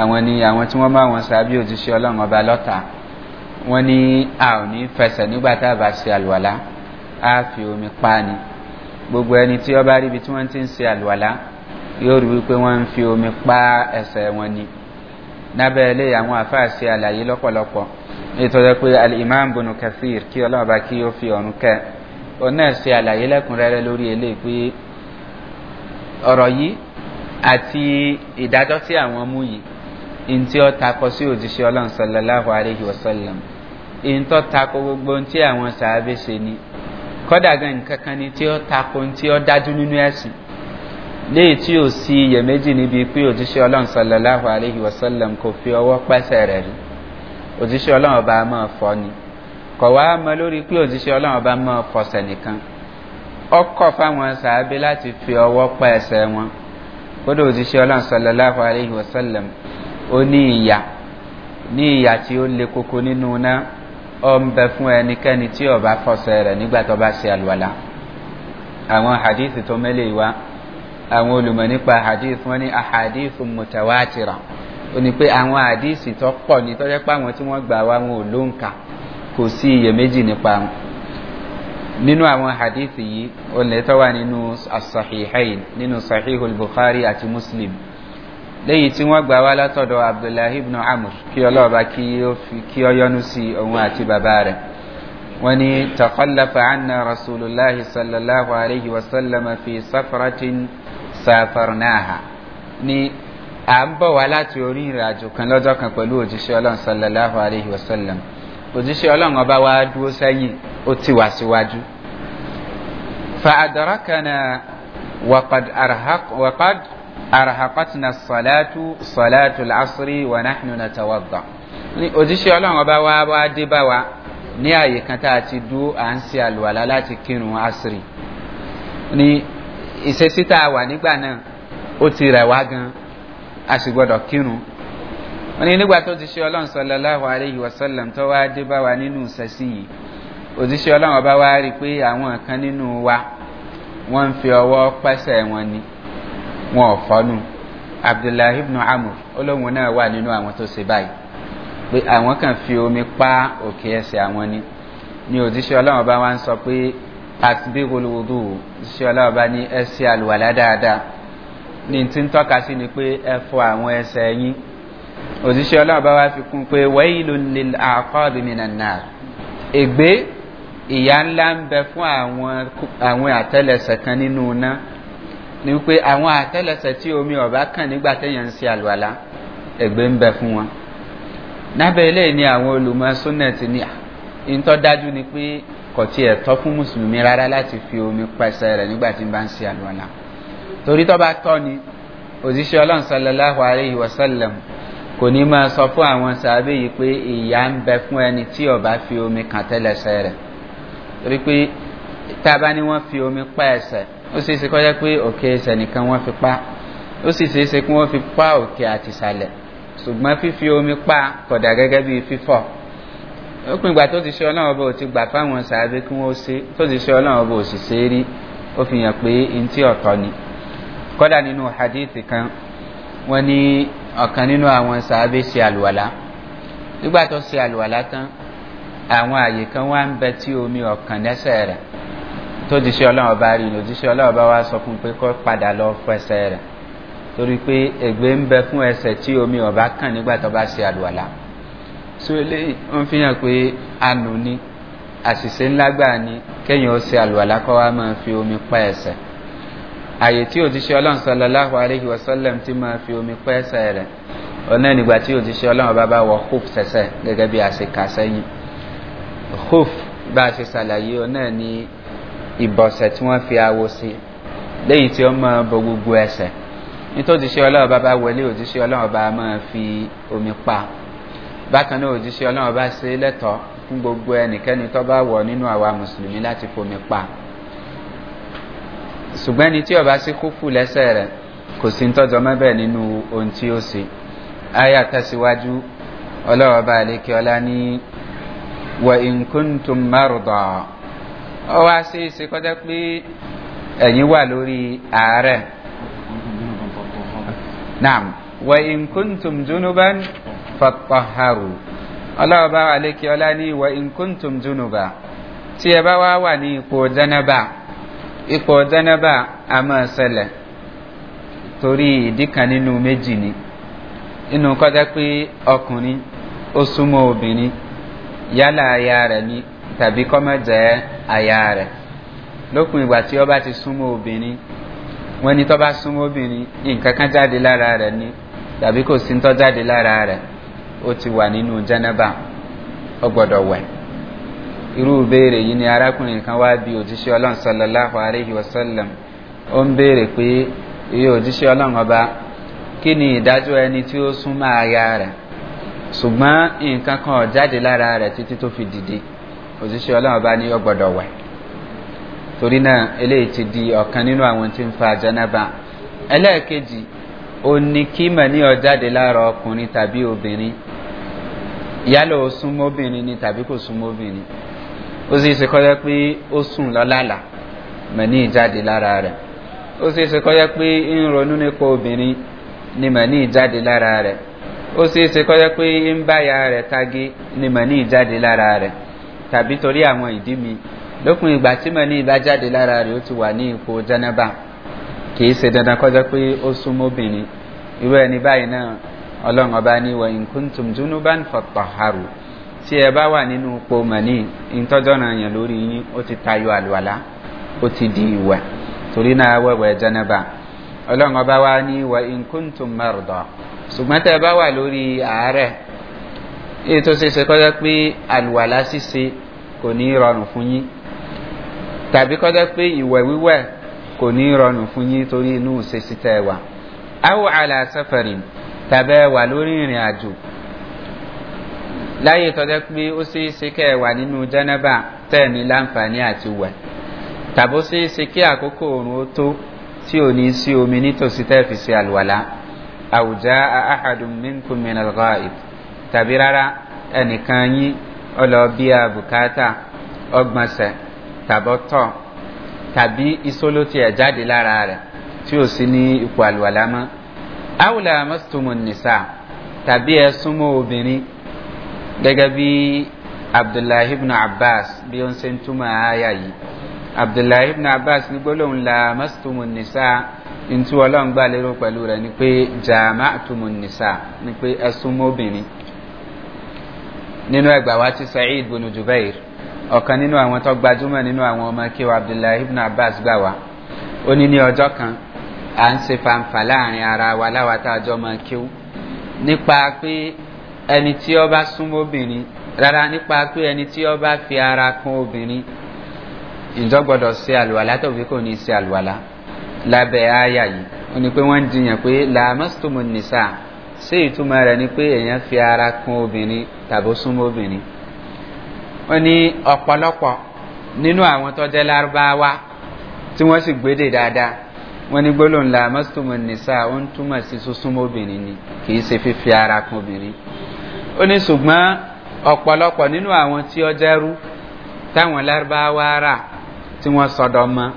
àwọn ni àwọn tí wọ́n máa wọn sábí òjíṣẹ́ ọlọ́run ọba lọ́ta wọ́n ní a ò ní fẹsẹ̀ nígbà tá a bá ṣe àlùwàlá a fi omi pa ni gbogbo ẹni tí ọba ríbi tí wọ́n ti ń ṣe àlùwàlá yóò rí wípé wọ́n ń fi omi pa ẹsẹ̀ wọn ni lábẹ́ ilé àwọn àfáà ṣe àlàyé lọ́pọ̀lọpọ̀ nítorí pé al-imam bunu kathir kí ọlọ́ọ̀bá kí ó fi ọ̀run kẹ́ ọ náà ṣe àlàyé lẹ́kùnrẹ́rẹ́ lórí ilé pé ọ̀rọ̀ yìí àti ìdájọ́ tí àwọn mú yìí in tí ó takọ sí òjíṣẹ́ ọlọ́run sallallahu alayhi wa sallam in tó takọ gbogbo tí àwọn sàábé ṣe ni kọ́dà gan nǹkan kan ni tí ó takọ tí ó dájú nínú ẹ̀sìn léyìí tí ò sí iyèméjì níbi pé òjíṣẹ́ ọlọ́run sọlọ́láhùn àlehi wasallam kò fi ọwọ́ pẹ́sẹ̀ rẹ̀ rí òjíṣẹ́ ọlọ́run ọba máa fọ́ ni kọ̀ wá mọ lórí pé òjíṣẹ́ ọlọ́run ọba máa fọ̀sẹ̀ nìkan ọkọ̀ fáwọn sàábé láti fi ọwọ́ pẹ́ ẹsẹ̀ wọn kódà òjíṣẹ́ ọlọ́run sọlọ́láhùn àlehi wasallam ó ní ìyà ní ìyà tí ó le koko nínú náà ọ ń bẹ fún ẹnikẹ́ni tí ọba fọ̀sẹ̀ rẹ̀ nígbà tó bá ṣe àlùwàlà àwọn hadith tó mẹ́lẹ̀ wá àwọn olùmọ̀ nípa hadith wọ́n ní ahadith mutawatira ó ní pé àwọn hadith tó pọ̀ ní tọ́jẹ́ pé àwọn tí wọ́n gbà wá wọn ò lóǹkà kò sí iyèméjì nípa wọn nínú àwọn hadith yìí ó lè tọ́ wà nínú as-sahihain nínú sahihul bukhari àti muslim lẹ́yìn tí wọ́n gbà wá látọ̀dọ̀ abdullahi ibn amr kí ọlọ́ọ̀bá kí ó yọnu sí òun àti bàbá rẹ̀ wọ́n ní takọ́lá fa'ánà rasulullahi sallallahu alaihi wasallam fi safaratin safarnaha ni à ń bọ̀ wá láti orí ìrìn àjò kan lọ́jọ́ kan pẹ̀lú òjíṣẹ́ ọlọ́run sallallahu alayhi wa sallam òjíṣẹ́ ọlọ́run ọba wa dúró sẹ́yìn ó ti wà síwájú. fa àdọ́rọ́kànnà wàpàd arhaqatna salatu salatu al'asri wa nahnu natawadda. ní òjíṣẹ́ ọlọ́run ọba wa wá dé bá wa ní àyè kan tá a ti dúró à ń ṣe àlùwàlá láti kírun asiri. ní ìṣesí tá a wà nígbà náà ó ti rẹ̀ wá gan a sì gbọ́dọ̀ kírun wọ́n ní nígbà tó ti ṣe ọlọ́run sọlọ láwọn àríyí wọ́sọ́lẹ̀m tó wá dé bá wa nínú ìṣẹ́sí yìí òjíṣẹ́ ọlọ́run ọba wá rí pé àwọn kan nínú wa wọ́n ń fi ọwọ́ pẹ́sẹ̀ wọn ni wọn ò fọ́nù abdullahi ibn amur olóhùn náà wà nínú àwọn tó ṣe báyìí pé àwọn kan fi omi pa òkè ẹsẹ̀ àwọn ni ni òjíṣẹ́ ọlọ́run ọba wá ń sọ pé tasbihu lwudu ṣe ọlọ́ọ̀bá ní ẹsẹ̀ àlùwàlá dáadáa ní tí ń tọ́ka sí ni pé ẹ fọ àwọn ẹsẹ̀ yín òṣìṣẹ́ ọlọ́ọ̀bá wá fi kún pé wẹ́yìlú lè àkọ́ọ̀bì mi nànà ègbé ìyá ńlá ń bẹ fún àwọn àtẹ́lẹsẹ̀ kan nínú iná ni wípé àwọn àtẹ́lẹsẹ̀ tí omi ọ̀bá kàn nígbà téèyàn ń ṣe àlùwàlá ègbé ń bẹ fún wọn lábẹ́ ilé ni àwọn olùmọ̀ súnẹ̀tì ni ìtọ́dájú ni pé kò tiẹ̀ tọ́ fún mùsùlùmí rárá láti fi omi pẹ̀sẹ̀ rẹ̀ nígbà tí ń bá ń ṣe àlùwàlà torí tó bá tọ́ ni òjíṣẹ́ ọlọ́run sallallahu alayhi wa sallam kò ní máa sọ fún àwọn sàábé yìí pé ìyá ń bẹ fún ẹni tí ọba fi omi kàn tẹ́lẹsẹ̀ rẹ̀ torí pé tá a bá ní wọ́n fi omi pa ẹsẹ̀ ó sì ṣe kọ́jẹ́ pé òkè ẹsẹ̀ nìkan wọ́n fi pa ó sì ṣe é ṣe kí wọ́n fi pa òkè àtìsàlẹ̀ ṣùgbọ́n fífi omi pa kọ̀dà gẹ́gẹ́ bíi fífọ̀ òpin ìgbà tó ti ṣe ọlọ́run ọba ò ti gbà fáwọn sàábé kí wọ́n ṣe tó ti ṣe ọlọ́run ọba ò sì ṣe rí ó fi hàn pé n tí ọ̀tọ̀ ni kọ́dà nínú hadithi kan wọ́n ní ọ̀kan nínú àwọn sàábé ṣe àlùwàlá nígbà tó ṣe àlùwàlá tán àwọn àyè kan wá ń bẹ tí omi ọ̀kan lẹ́sẹ̀ rẹ̀ tó ti ṣe ọlọ́run ọba rí ló ti ṣe ọlọ́run ọba wá sọ fún pé kó padà lọ fẹsẹ̀ rẹ̀ torí pé ègbé ń bẹ fún ẹsẹ̀ tí omi ọ̀bá kàn nígbà tó bá ṣe àlùwàlá so eléyìí ó ń fi hàn pé ànú ni àṣìṣe ńlá gbà ni kéèyàn ó ṣe àlùwàlá kọ́ wa máa fi omi pa ẹ̀sẹ̀ àyè tí òjíṣẹ́ ọlọ́run sọlọ́láhu aríhì wọ́sọ́lẹ̀m tí máa fi omi pa ẹ̀sẹ̀ rẹ̀ ọ̀nà ìgbà tí òjíṣẹ́ ọlọ́run bá bá wọ hoof sẹ̀sẹ̀ gẹ́gẹ́ bí àṣekà sẹ́yìn hoof bá a ṣe ṣàlàyé ọ̀nà ní ìbọ̀sẹ̀ tí wọ́n fi awo sí léyìí tí ó máa bọ gbogbo ẹ̀sẹ̀ nítorí ọlọ́run bá bá wọlé òjíṣẹ́ ọlọ́run bá máa fi omi pa bákan náà òjíṣẹ́ ọlọ́run bá ṣe lẹ́tọ̀ fún gbogbo ẹnikẹ́ni tó bá wọ̀ nínú àwa mùsùlùmí láti fomi pa ṣùgbọ́n ẹni tí ọba sí kúfù lẹ́sẹ̀ rẹ̀ kò sí tọ́jọ́ mẹ́bẹ̀ nínú ohun tí ó ṣe aya tẹ̀síwájú ọlọ́run bá lékè ọlá ní wọ ìǹkùntùn márùdọ̀ ọ wá sí ìṣekọ́jẹ́ pé ẹ̀yìn wà lórí ààrẹ naam wọ ìǹkùntùn jónúbá fattaharu ọlọ́ọ̀bá wà lékè ọlá ní ìwọ̀ inkuntum junuba tí ẹ bá wá wà ní ipò ipò a máa ṣẹlẹ̀ torí ìdí nínú méjì ni inú kọjá pé ọkùnrin ó súnmọ́ obìnrin yálà aya rẹ̀ ni tàbí kọ́mọ aya rẹ̀ lópin ìgbà tí ọba ti súnmọ́ obìnrin súnmọ́ obìnrin nǹkan kan jáde lára rẹ̀ ni tàbí kò sí ń tọ́ jáde lára rẹ̀ ó ti wà nínú jẹ́nẹ́bà ó gbọ́dọ̀ irú béèrè yìí ni arákùnrin kan wá bí òjíṣẹ́ ọlọ́run sọlọ́láhùn àríhì wasallam ó ń béèrè pé iye òjíṣẹ́ ọlọ́run ọba kí ni ìdájọ́ ẹni tí ó sún máa ya rẹ̀ ṣùgbọ́n nǹkan kan jáde lára rẹ̀ títí tó fi dìde òjíṣẹ́ ọlọ́run ọba ni ó wee torí náà eléyìí ti di nínú àwọn tí ń fa ó ní kí ọjáde lára ọkùnrin yálò ó sún mọ́bìnrin ni tàbí kò sún mọ́bìnrin ó sì ṣe kọ́jọ́ pé ó sùn lọ́làlà mẹ́ni ìjáde lára rẹ̀ ó sì ṣe kọ́jọ́ pé ń ronú nípa ni mẹ́ni ìjáde lára rẹ̀ ó sì ṣe kọ́jọ́ pé ń báyà tagi ni mẹ́ni ìjáde lára rẹ̀ tàbí torí àwọn ìdí mi lópin ìgbà tí mẹ́ni ìbá jáde lára rẹ̀ ó ti wà ní ipò jẹ́nẹ́bà kì í ṣe dandan kọ́jọ́ pé ó sún mọ́bìnrin ọlọ́run ọba ní wọ ìkúntùm júnúbán fọ̀tọ̀hárù tí ẹ bá wà nínú po mọ̀ní ìtọ́jọ́nà yẹn lórí yín ó ti tayọ àlùwàlá ó ti di ìwẹ̀ torí náà wẹ̀wẹ̀ jẹnẹba ọlọ́run ọba wa ní wọ ìkúntùm mẹ́rọ̀dọ̀ ṣùgbọ́n tẹ bá wà lórí àárẹ̀ èyí tó ṣe ṣe kọjá pé àlùwàlá ṣíṣe kò ní rọrùn fún yín tàbí kọjá pé ìwẹ̀ wíwẹ̀ kò ní rọrùn fún yín torí inú ṣe sí tẹ́ awo àlà tàbẹ́ wà lórí ìrìn àjò láyé tọ́jẹ́ pé ó ṣe é ṣe kẹ́ wà nínú jẹ́nẹ́bà tẹ́ẹ̀ní láǹfààní àti wẹ̀ tàbó ṣe é ṣe kí àkókò òrùn ó tó tí ò ní sí omi nítòsí tẹ́ẹ̀fì sí àlùwàlá àwùjá àhàdùn mínkùnmín alghaib tàbí rárá ẹnìkan yín ọlọ bùkátà ọgbọ̀nsẹ̀ tàbọ́tọ̀ tàbí isolótiẹ̀ jáde lára rẹ̀ tí ò sí ní ipò àlùwàlá mọ́ awla amastumun nisa tàbí ẹ súnmọ́ obìnrin gẹ́gẹ́ bí abdullahi ibn abbas bí ó ń ṣe ń túmọ̀ àyà yìí abdullahi ibn abbas ní gbólóhùn la amastumun nisa ntí ọlọ́run gbà lérò pẹ̀lú rẹ̀ ni pé jàmá àtúmọ̀ nìsa ni pé ẹ súnmọ́ obìnrin nínú ẹgbà wa ti sa'id bin jubair ọ̀kan nínú àwọn tó gbajúmọ̀ nínú àwọn ọmọ kíwa abdullahi ibn abbas gbà wá ó ní ní ọjọ́ kan à ń se fanfà láàrin ara wa láwàtà àjọ máa kíw nípa pé ẹni tí ọ bá súnmọ́ obìnrin rárá nípa pé ẹni tí ọ bá fi ara kún obìnrin ìjọ gbọdọ̀ se àlùwàlá tó fi kò ní se àlùwàlá lábẹ́ àyà yìí ó ní pé wọ́n ń jiyàn pé làmọ́sítòmù nìsà sí ìtumọ̀ rẹ̀ ni pé èèyàn fi ara kún obìnrin tàbí súnmọ́ obìnrin ó ní ọ̀pọ̀lọpọ̀ nínú àwọn tó lárúbáwá tí wọ́n sì gbédè dáadáa wọ́n ní gbólóhùn la mọ́sítọ́mọ̀ nìsá ó ń túmọ̀ sí súnmọ́ obìnrin ni kì í ṣe fífi ara kan obìnrin ó ní ṣùgbọ́n ọ̀pọ̀lọpọ̀ nínú àwọn tí ó jẹ́rú táwọn lárúbáwá rà tí wọ́n sọ̀dọ̀ mọ́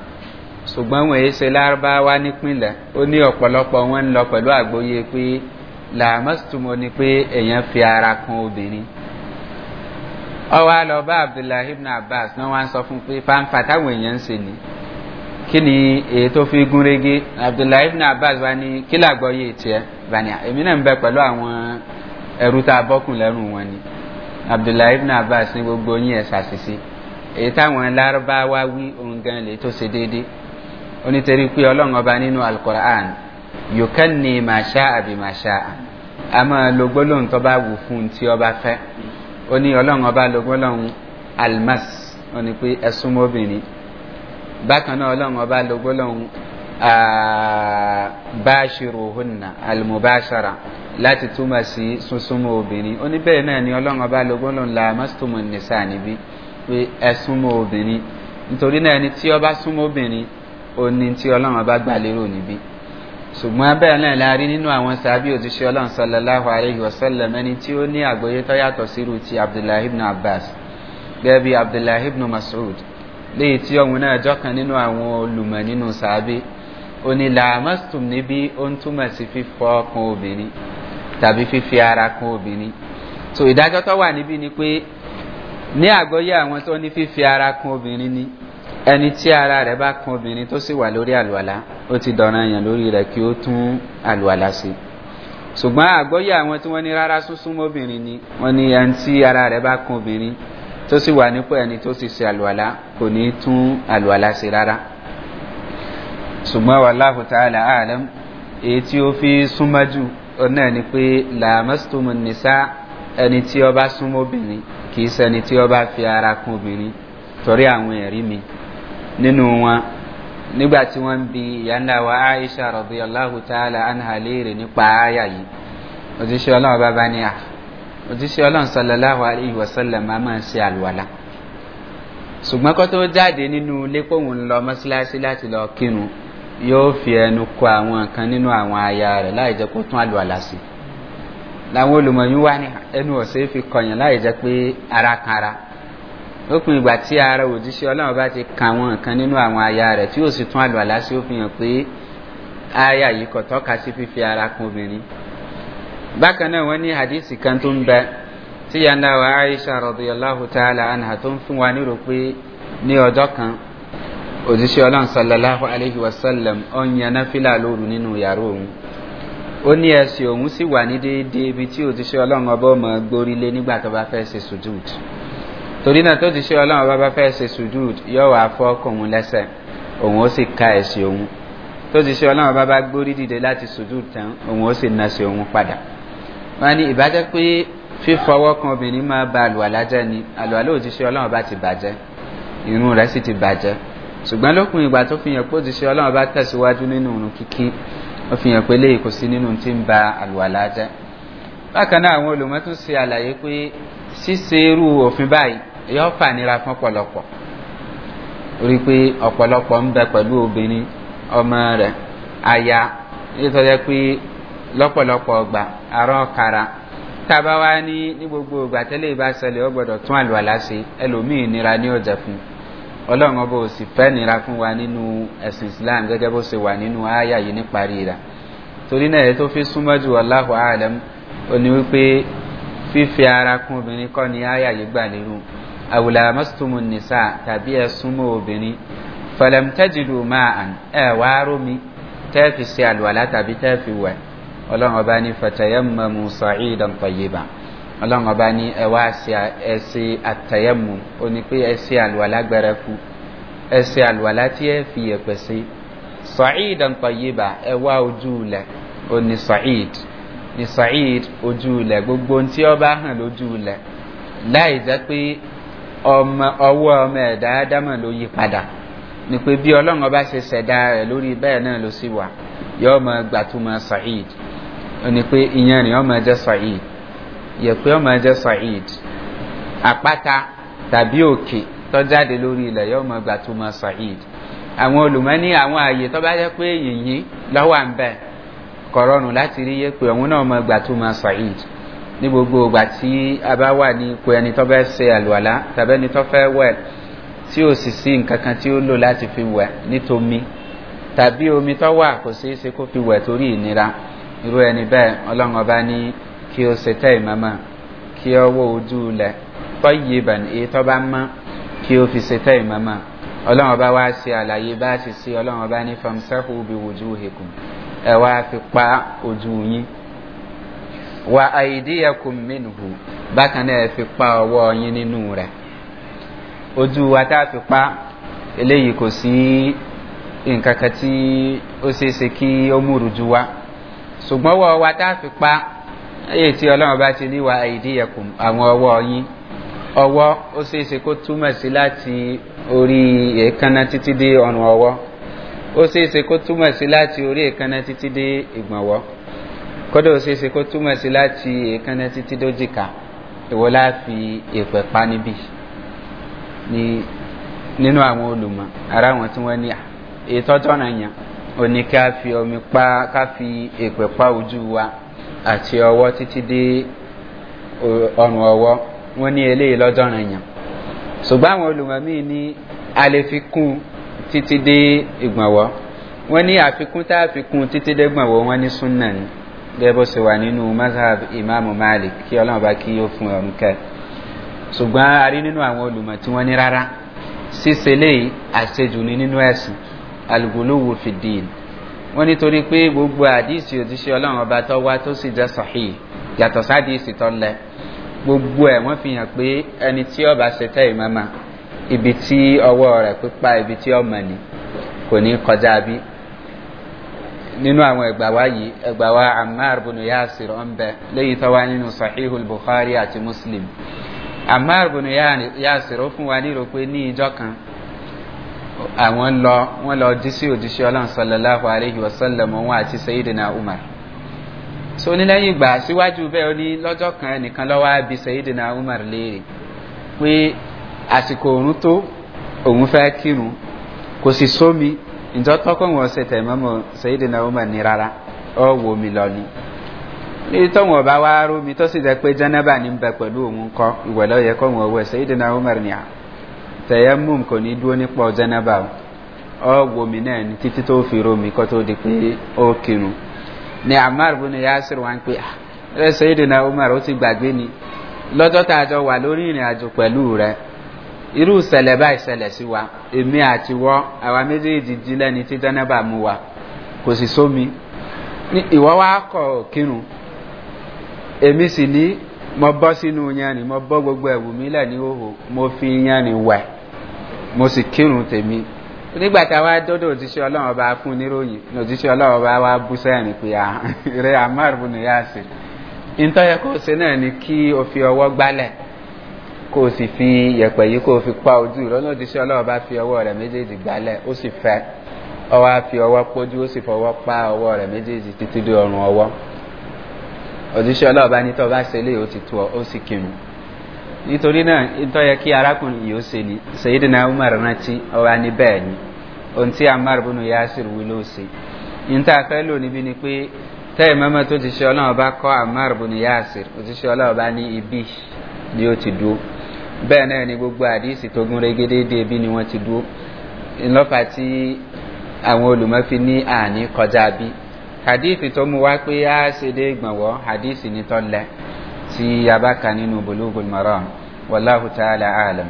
ṣùgbọ́n wọ́n èé ṣe lárúbáwá nípìnlẹ̀ ó ní ọ̀pọ̀lọpọ̀ wọn ń lọ pẹ̀lú àgbóyé pé la mọ́sítọ́mọ̀ ni pé èèyàn fi ara kan obìnrin ọwọ́ àlọ́ bá abdullahi ibn abbas náà wá ń sọ fún pé fáńfà táwọn èèyàn ń ṣe ni Kini ni èyí tó fi gún régé abdullahi ibn abbas wa ni kí làgbọ́ yé tiẹ̀ bani èmi náà ń bẹ pẹ̀lú àwọn ẹrú tá a bọ́kùn lẹ́rù wọn ni abdullahi ibn abbas ní gbogbo yín ẹ̀ ṣàṣìṣe èyí táwọn lárúbáwá wí ohun gan lè tó ṣe déédéé onítẹ̀rí pé ọlọ́run ọba nínú alukur'an yòókè ní màṣá àbí màṣá a máa lo gbólóhùn tó bá wù fún tí ọba fẹ́ ó ọlọ́run ọba lo gbólóhùn almas ó ní pé ẹ̀sùn mọ́bìnrin bákan náà ọlọ́run ọba lo gbólóhùn báṣirò hùnà àlùmọ́báṣara láti túmọ̀ sí súnsúnmọ́ obìnrin oníbẹ̀rẹ̀ náà ni ọlọ́run ọba lo gbólóhùn la mọ́sítọ́mọ̀ nìsa níbí pé ẹ súnmọ́ obìnrin nítorí náà ẹni tí ọba súnmọ́ obìnrin ó ní tí ọlọ́run ọba gbà lérò níbí ṣùgbọ́n bẹ́ẹ̀ náà la rí nínú àwọn sàbí òjíṣẹ́ ọlọ́run sọlọ́láhu alayhi wa sallam ẹni tí ó ní àgbóyé tó yàtọ̀ sírù ti abdullahi ibn abbas gẹ́gẹ́ bí abdullahi ibn masud léyìí tí ọ̀hún náà jọ́kan nínú àwọn olùmọ̀ nínú sàábé ó ní làmásùtùm níbi ó ń túmọ̀ sí fífọ ọkàn obìnrin tàbí fífi ara kan obìnrin so ìdájọ́ tó wà níbí ni pé ní àgbọ́yé àwọn tó ní fífi ara kan obìnrin ni ẹni tí ara rẹ̀ bá kan obìnrin tó sì wà lórí àlùwàlá ó ti dọ̀ràn èèyàn lórí rẹ̀ kí ó tún àlùwàlá sí ṣùgbọ́n àgbọ́yé àwọn tí wọ́n ní rárá súnsún mọ́bìnrin ni wọ́n ní ẹni tí ara rẹ̀ bá kan obìnrin tó sì wà nípò ẹni tó ti ṣe àlùwàlá kò ní tún àlùwàlá ṣe rárá ṣùgbọ́n wà láhùtà àlà àlẹ́m èyí tí ó fi súnmọ́ jù ọ̀nà ni pé làmọ́sítọ́mù nìsá ẹni tí ọba súnmọ́ obìnrin kì í sẹni tí ọba fi ara kún obìnrin torí àwọn ẹ̀rí mi nínú wọn nígbà tí wọ́n ń bi ìyáńlá wa aisha rọ̀bì aláhùtà àlà àǹhà léèrè nípa àyà yìí òjíṣẹ́ ọlọ́run bá bá ní à ah, òjíṣẹ́ ọlọ́run sọlọ́láhùn àríwá sọlọ́ máa máa ṣe àlùwàlà ṣùgbọ́n kó tó jáde nínú ilé pòun lọ mọ́ṣíláṣí láti lọ kírun yóò fi ẹnu kọ àwọn kan nínú àwọn aya rẹ̀ láì jẹ́ kó tún àlùwàlà sí làwọn olùmọ̀yún wá ní ẹnu ọ̀sẹ̀ fi kọyàn láì jẹ́ pé ara kan ara lópin ìgbà tí ara òjíṣẹ́ ọlọ́run bá ti kan àwọn kan nínú àwọn aya rẹ̀ tí ó sì tún àlùwàlà sí ó hàn pé aya yìí kò tọ́ka sí fífi ara kan obìnrin bákan náà wọ́n ní hadisi kan tó ń bẹ tí yàrá wa aisha rọ̀dùyàláhu ta'ala anha tó ń fún wa nírò pé ní ọjọ́ kan òjíṣẹ́ ọlọ́run sallallahu alayhi wa sallam ọ̀nyànà fílà lóru nínú yàrá òun ó ní ẹsẹ̀ òun sì wà ní déédéé ibi tí òjíṣẹ́ ọlọ́run ọba ọmọ gbórílé nígbà tó bá fẹ́ ṣe sùdúd torí náà tó ti ṣe ọlọ́run ọba bá fẹ́ ṣe sùdúd yóò wá fọ́ kòun lẹ́sẹ̀ òun ó sì ka ẹsẹ̀ òun tó ti ṣe ọlọ́run ọba bá gbórí dìde láti sùdúd tán òun ó sì na ẹsẹ̀ òun padà wani ni ìbájẹ́ pé fífọwọ́ kan obìnrin máa ba àlùwàlá jẹ́ ni àlùwàlá òjíṣẹ́ ọlọ́run bá ti bàjẹ́ irun rẹ̀ sì ti bàjẹ́ ṣùgbọ́n lókun ìgbà tó fi hàn pé òjíṣẹ́ ọlọ́run bá tẹ̀síwájú nínú òrùn kíkí ó fi hàn pé léyìí kò sí nínú tí ń ba àlùwàlá jẹ́ bákan náà àwọn olùmọ́ tún ṣe àlàyé pé ṣíṣe irú òfin báyìí yóò fà nira fún ọ̀pọ̀lọpọ̀ orí pé ọ̀pọ̀lọpọ̀ ń bẹ pẹ̀lú obìnrin ọmọ rẹ̀ aya nítorí pé lọ́pọ̀lọpọ̀ ọgbà àrùn kàrà tábà wá ní ní gbogbo ìgbà tẹ́lẹ̀ bá ṣẹlẹ̀ ó gbọ́dọ̀ tún àlùwàlá ṣe ẹlòmíì nira ní ọ̀jẹ̀ fún ọlọ́run ọba ò sì fẹ́ nira fún wa nínú ẹ̀sìn islam gẹ́gẹ́ bó ṣe wà nínú ááyà yìí níparí rà torí náà ẹ̀ tó fi súnmọ́ jù ọláhùn àlẹ́m ó ní wípé fífi ara kún obìnrin kọ́ ni ááyà yìí gbà lérò àwùlà mọ́sítùmù nìsà tàbí ẹ̀ súnmọ́ obìnrin fọlẹ́mtẹ́jìlú ẹ̀ wá rómi tẹ́ẹ̀fì ṣe àlùwàlá tàbí tẹ́ẹ̀fì wẹ̀ ọlọ́run ọba ní fatayamamu sa'idan tayyiba ọlọ́run ọba ní ẹwà ẹsẹ àtayẹmù ó ní pé ẹsẹ àlùwàlá gbẹrẹ kú ẹsẹ àlùwàlá tí ẹ fi ẹ̀pẹ̀ sí sa'idan tayyiba ẹwà ojú ilẹ̀ ó ní sa'id ní sa'id ojú ilẹ̀ gbogbo tí ọba hàn lójú ilẹ̀ láì jẹ́ pé ọwọ́ ọmọ ẹ̀dá ádámà ló yí padà ni pé bí ọlọ́run ọba ṣe ṣẹ̀dá rẹ̀ lórí bẹ́ẹ̀ náà ló sì wà yọ ọmọ gbàtúmọ̀ sa'id ni pé ìyẹn ni ọmọ ẹjẹ sa'id yẹpẹ ọmọ ẹjẹ sa'id àpáta tàbí òkè tó jáde lórí ilẹ̀ yọ ọmọ ẹgbà tó mọ sa'id àwọn olùmọ́ní àwọn ààyè tó bá jẹ́ pé yìnyín lọ́wọ́ à ń bẹ̀ kọ̀rọ̀nù láti rí yẹpẹ òun náà ọmọ ẹgbà tó mọ sa'id ní gbogbo ìgbà tí a bá wà ní ipò ẹni tó fẹ́ ṣe àlùwàlá tàbí ẹni tó fẹ́ wẹ̀ tí ò sì sí nǹkan kan tí ó lò láti fi wẹ̀ nítomi tàbí omi tó wà kò ṣeé ṣe kó fi wẹ̀ torí ìnira irú ẹni bẹ́ẹ̀ ọlọ́run ọba ní kí ó ṣe tẹ́ ìmọ̀mọ́ kí ó wọ ojú lẹ̀ tọ́ yìí ìbàn èyí tọ́ bá mọ́ kí ó fi ṣe tẹ́ ìmọ̀mọ́ ọlọ́run ọba wá ṣe àlàyé bá ṣe sí ọlọ́run ní famsahu bí wojú hekùn ẹ wá fi pa ojú yín wa àìdíyẹkùn mìnhù bákan náà ẹ fi pa ọwọ́ yín nínú rẹ̀ ojú wa tá a fi pa eléyìí kò sí nǹkan kan tí ó ṣeé ṣe kí ó múrù ju wa ṣùgbọ́n wọ́ wa tá a fi pa èyí tí ọlọ́run bá ti ní wa ìdíyẹ̀kùn àwọn ọwọ́ yín ọwọ́ ó ṣeé ṣe kó túmọ̀ sí láti orí èékánná títí dé ọrùn ọwọ́ ó ṣeé ṣe kó túmọ̀ sí láti orí èékánná títí dé ìgbọ̀nwọ́ kódà ó ṣeé ṣe kó túmọ̀ sí láti èékánná títí dójìká ìwọ láàfi èpè pa níbí nínú àwọn olùmọ̀ ara wọn tí wọ́n ní ètò náà yàn oni ní ká fi omi pa ká fi èpè pa ojú wa àti ọwọ́ títí dé ọrùn ọwọ́ wọ́n ní eléyìí lọ́dọ̀ràn yàn ṣùgbọ́n àwọn olùmọ̀mí ní a lè fi kún títí dé ìgbọ̀nwọ́ wọ́n ní àfikún tá a fi kún títí dé ìgbọ̀nwọ́ wọ́n ní súnà ní gẹ́gẹ́ sì wà nínú mazhab imaamu malik kí ọlọ́run bá kí ó fún ọ̀run kẹ́ ṣùgbọ́n a rí nínú àwọn olùmọ̀ tí wọ́n ní rárá ṣíṣe léyìí àṣejù ní nínú ẹ̀sìn alugolowo fìdíìn wọ́n nítorí pé gbogbo àdìsí òjíṣẹ́ ọlọ́run ọba tó wá tó sì jẹ́ sọ̀hí yàtọ̀ sádìsí tó lẹ gbogbo ẹ̀ wọ́n fi hàn pé ẹni tí ọba ṣe tẹ́ ìmọ̀mọ́ ibi tí ọwọ́ rẹ̀ pípa ibi tí ọmọ ni kò ní kọjá bí nínú àwọn ẹgbà wa yìí ẹgbà wa ammar bin yasir ọ̀nbẹ léyìí tó wá nínú sahihu bukhari àti muslim ammar bin yasir ó fún wa nírò pé ní ìjọ kan àwọn lọ wọ́n lọ dísí òdíṣẹ́ ọlọ́run sọlọ́láhu aláhi wasallam wọn àti sayidina umar so ní lẹ́yìn ìgbà síwájú bẹ́ẹ̀ ó ní lọ́jọ́ kan nìkan lọ́wọ́ bí sayidina umar léèrè pé àsìkò òun tó òun fẹ́ kírun kò sì sómi ìjọ tọ́kọ̀ wọn ṣe tẹ̀mọ́mọ́ sayidina umar ní rárá ọ wo mi lọ ni ní tọ́wọ̀n ọba wá rómi tó sì jẹ́ pé jẹ́nẹ́bà ní bẹ pẹ̀lú òun kọ́ ìwẹ̀lọ́ yẹ wọn wẹ̀ sayidina umar ni à tẹ̀yẹ́mùm kò ní dúó nípa ọjọ́ ọ ọgbòmí náà ní títí tó fi romi kọ́ tó di pé ó kinu ni amar bu ni yasir wa ń pè ah, ẹ sẹ́yìn na umar ti gbàgbé ni lọ́jọ́ tá a jọ wà lórí ìrìn àjò pẹ̀lú rẹ irú ìṣẹ̀lẹ̀ bá ìṣẹ̀lẹ̀ sí wa èmi àti wọ́ àwa méjèèjì jí lẹ́ni tí jẹ́nẹ́bà mú wa kò sì sómi ìwọ́ wa kọ̀ kírun èmi sì ní mo mi ní òhò mo fi wẹ̀ mo sì kírun tèmi nígbà tá a wá dọ́dọ̀ òjíṣẹ́ ọlọ́run ọba fún níròyìn ní òjíṣẹ́ ọlọ́run ọba wá bú sẹ́yìn pé ah, rẹ amar bùnú yá sí i ntọ́yẹ kó o ṣe náà ni kí o fi ọwọ́ gbálẹ̀ kó o sì fi yẹ̀pẹ̀ yìí kó o fi pa ojú lọ́nà òjíṣẹ́ ọlọ́run ọba fi ọwọ́ rẹ̀ méjèèjì gbálẹ̀ ó sì fẹ́ ọwọ́ fi ọwọ́ pójú ó sì fọwọ́ pa ọwọ́ rẹ̀ méjèèjì títí dé ọrùn ọwọ́ òjíṣẹ́ ọlọ́run ọba ní tọ́ bá ṣe lé nítorí náà ìtọ́ kí arákùnrin yìí ó na ni umar rántí ọba ní bẹ́ẹ̀ ni ohun tí amar yasir wí ló se níta fẹ́ lò ni pé mọ́mọ́ tó ti ṣe ọlọ́run bá kọ́ amar bùnú yasir ó ti ṣe ọlọ́run ibi ni ó ti dúó bẹ́ẹ̀ náà ni gbogbo àdísì tó gún régédé dé ni wọ́n ti dúó ńlọ́fà tí àwọn ní àní kọjá bí wá pé tí a bá ka nínú bolúgbò maram wàláhù tààlà àlàm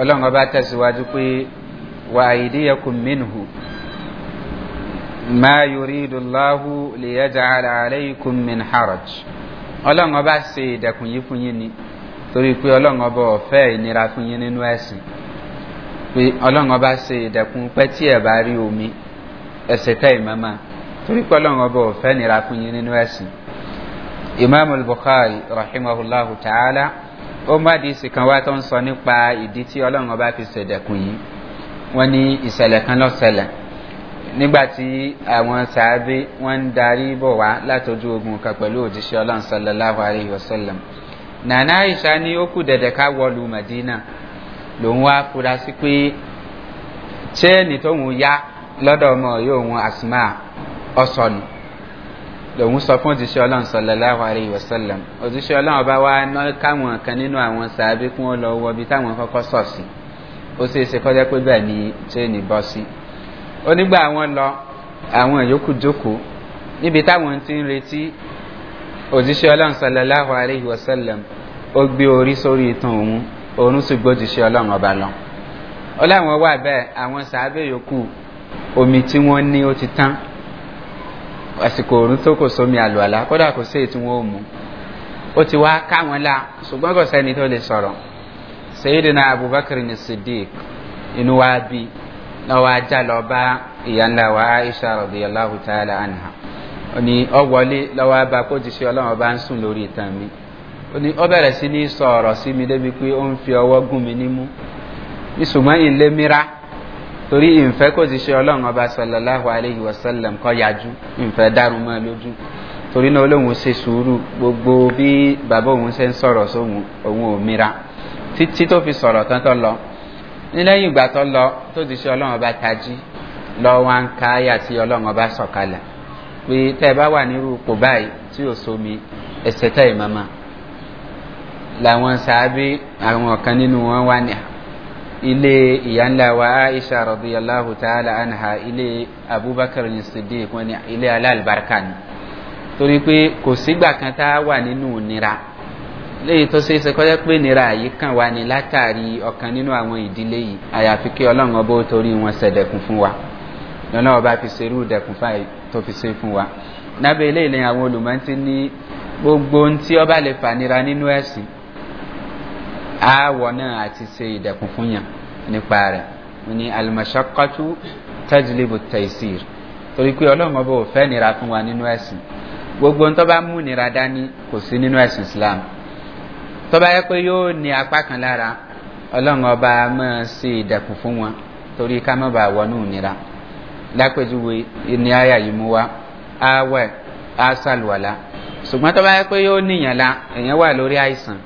ọlọ́run ọba tẹ̀síwájú pé wà àìdíyẹkùn mínú máa yorí ìdúláhù lè yẹjà àlà àlẹ́yìnkùn min haraj ọlọ́run ọba ṣe ìdẹ̀kùn yìí fún yín ni torí pé ọlọ́run ọba ọ̀fẹ́ ìnira fún yín nínú ẹ̀sìn pé ọlọ́run ọba ṣe ìdẹ̀kùn pẹ́ tí ẹ̀ bá rí omi ẹ̀sẹ̀ tẹ́ ìmọ̀mọ́ torí pé ọlọ́run ọba ọ̀fẹ́ ìnira fún yín nínú ẹ̀sìn imam al-bukhari rahimahullahu ta'ala ó má di ìsìn kan wá tó ń sọ nípa ìdí tí ọlọ́run ọba fi ṣèdẹ̀kùn yìí wọ́n ní ìṣẹ̀lẹ̀ kan lọ́sẹ̀lẹ̀ nígbà tí àwọn sàábé wọ́n ń darí bọ̀ wá látọjú ogun kan pẹ̀lú òjíṣẹ́ ọlọ́run sallallahu alayhi wa sallam nana aisha ní ó kù dẹ̀dẹ̀ ká wọlu madina lòun wá fura sí pé chéènì tóun yá lọ́dọ̀ ọmọ yóò wọn asma ọ̀sọ̀nù lòun sọ fún òjíṣẹ́ ọlọ́run sọlọ́láhu àríyí wasallam òjíṣẹ́ ọlọ́run ọba wa ná káwọn kan nínú àwọn sàábí kún ó lọ wọ bí táwọn kọ́kọ́ sọ̀ sí ó sì ṣe kọjá pé bẹ́ẹ̀ ni tírénì bọ́ sí ó nígbà àwọn lọ àwọn yòókù jókòó níbi táwọn ti ń retí òjíṣẹ́ ọlọ́run sọlọ́láhu àríyí wasallam ó gbé orí sórí ìtàn òun òun sì gbójíṣẹ́ ọlọ́run ọba àsìkò òrùn tó kò sómi àlùwàlá kódà kò sí ètò wọn ò mú ó ti wá káwọn la ṣùgbọ́n kò sẹ́ni tó lè sọ̀rọ̀ sèyídìnà abubakar ní sidik inú wa bí náà wá já lọ bá ìyá ńlá wa aisha radiyallahu ta'ala anha oni ní ọ wọlé lọ́wọ́ bá kó ti ṣe ọlọ́run bá ń sùn lórí ìtàn mi ó ní ọ bẹ̀rẹ̀ sí ní sọ̀rọ̀ sí mi débi pé ó ń fi ọwọ́ gún mi nímú ní ṣùgbọ́n ìlémíra torí ìfẹ́ kò ti ṣe ọlọ́run ọba sọlọ́láhùn aláhi wasallam kọ́ yájú ìfẹ́ dárun mọ́ lójú torí náà olóhùn ṣe sùúrù gbogbo bí bàbá òun ṣe ń sọ̀rọ̀ sóhun òun ò mira títí tó fi sọ̀rọ̀ tán tó lọ nílẹ́yìn ìgbà tó lọ tó ti ṣe ọlọ́run ọba tají lọ wá ń ka ayà tí ọlọ́run ọba sọ̀kalẹ̀ pé tẹ́ ẹ bá wà nírú ipò báyìí tí ò sómi ẹsẹ̀ tẹ́ ìmọ̀mọ́ làwọn sàábé àwọn ọ̀kan nínú wọn wá ní ilé ìyáńlá wa aisha radiyallahu ta'ala anha ilé abubakar ní sadiq wọn ni ilé alálùbáríkà ni torí pé kò sígbà kan tá a wà nínú nira léyìí tó ṣeéṣe kọjá pé nira yìí kàn wá ní látàrí ọ̀kan nínú àwọn ìdílé yìí àyàfi kí ọlọ́run ọba ó torí wọn ṣẹ̀dẹ̀kùn fún wa lọ́nà ọba fi ṣerú ìdẹ̀kùn fáì tó fi ṣe fún wa lábẹ́ ilé ìlẹ́yìn àwọn olùmọ́tí ní gbogbo ohun tí ọba lè fà nínú ẹ̀sìn A náà àti ṣe ìdẹ̀kùn fún yàn nípa rẹ̀ ní alimọ̀ṣọ́kọ́tù tajilibu taisir torí pé ọlọ́run ọba ò fẹ́ nira fún wa nínú ẹ̀sìn gbogbo tó bá mú nira dání kò sí nínú ẹ̀sìn islam tó bá yẹ pé yóò ní apá kan lára ọlọ́run ọba máa ṣe ìdẹ̀kùn fún wọn torí ká má bàa wọnú nira lápèjúwe ní àyà yìí mú wa àwẹ̀ àṣàlùwàlà ṣùgbọ́n tó bá yẹ pé yóò níyàn èèyàn wà lórí àìsàn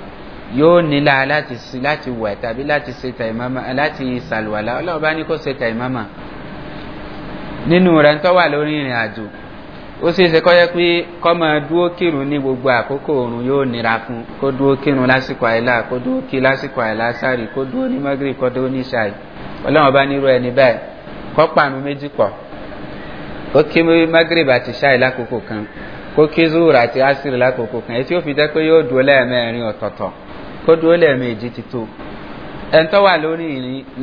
yóò nílá láti láti wẹ̀ tàbí láti ṣe tàìmọ́mà láti ṣàlùwàlá ọlọ́run bá ní kó ṣe tàìmọ́mà nínú rẹ̀ ń tọ́wà lórí ìrìn àjò ó sì ṣe kọ́ yẹ pé kọ́mọ dúó kírun ní gbogbo àkókò òrùn yóò nira fún kó dúó kírun lásìkò àìlá kó dúó kí lásìkò àìlá sáré kó dúó ní mọ́gírì kó dúó ní ṣáì ọlọ́run bá nírú ẹni báyìí kọ́ pàánù méjì pọ̀ kó kí mọ́gírì bá ti ṣáì lákòókò kan kó kí zúùrù àti ásìrì lákòókò kan èyí tí ó fi jẹ́ pé yóò dúó lẹ́ẹ̀mẹ́rin ọ̀tọ̀ọ̀tọ̀ kó dúró lẹ́ẹ̀mejì ti tó ẹ̀ńtọ́ wà lórí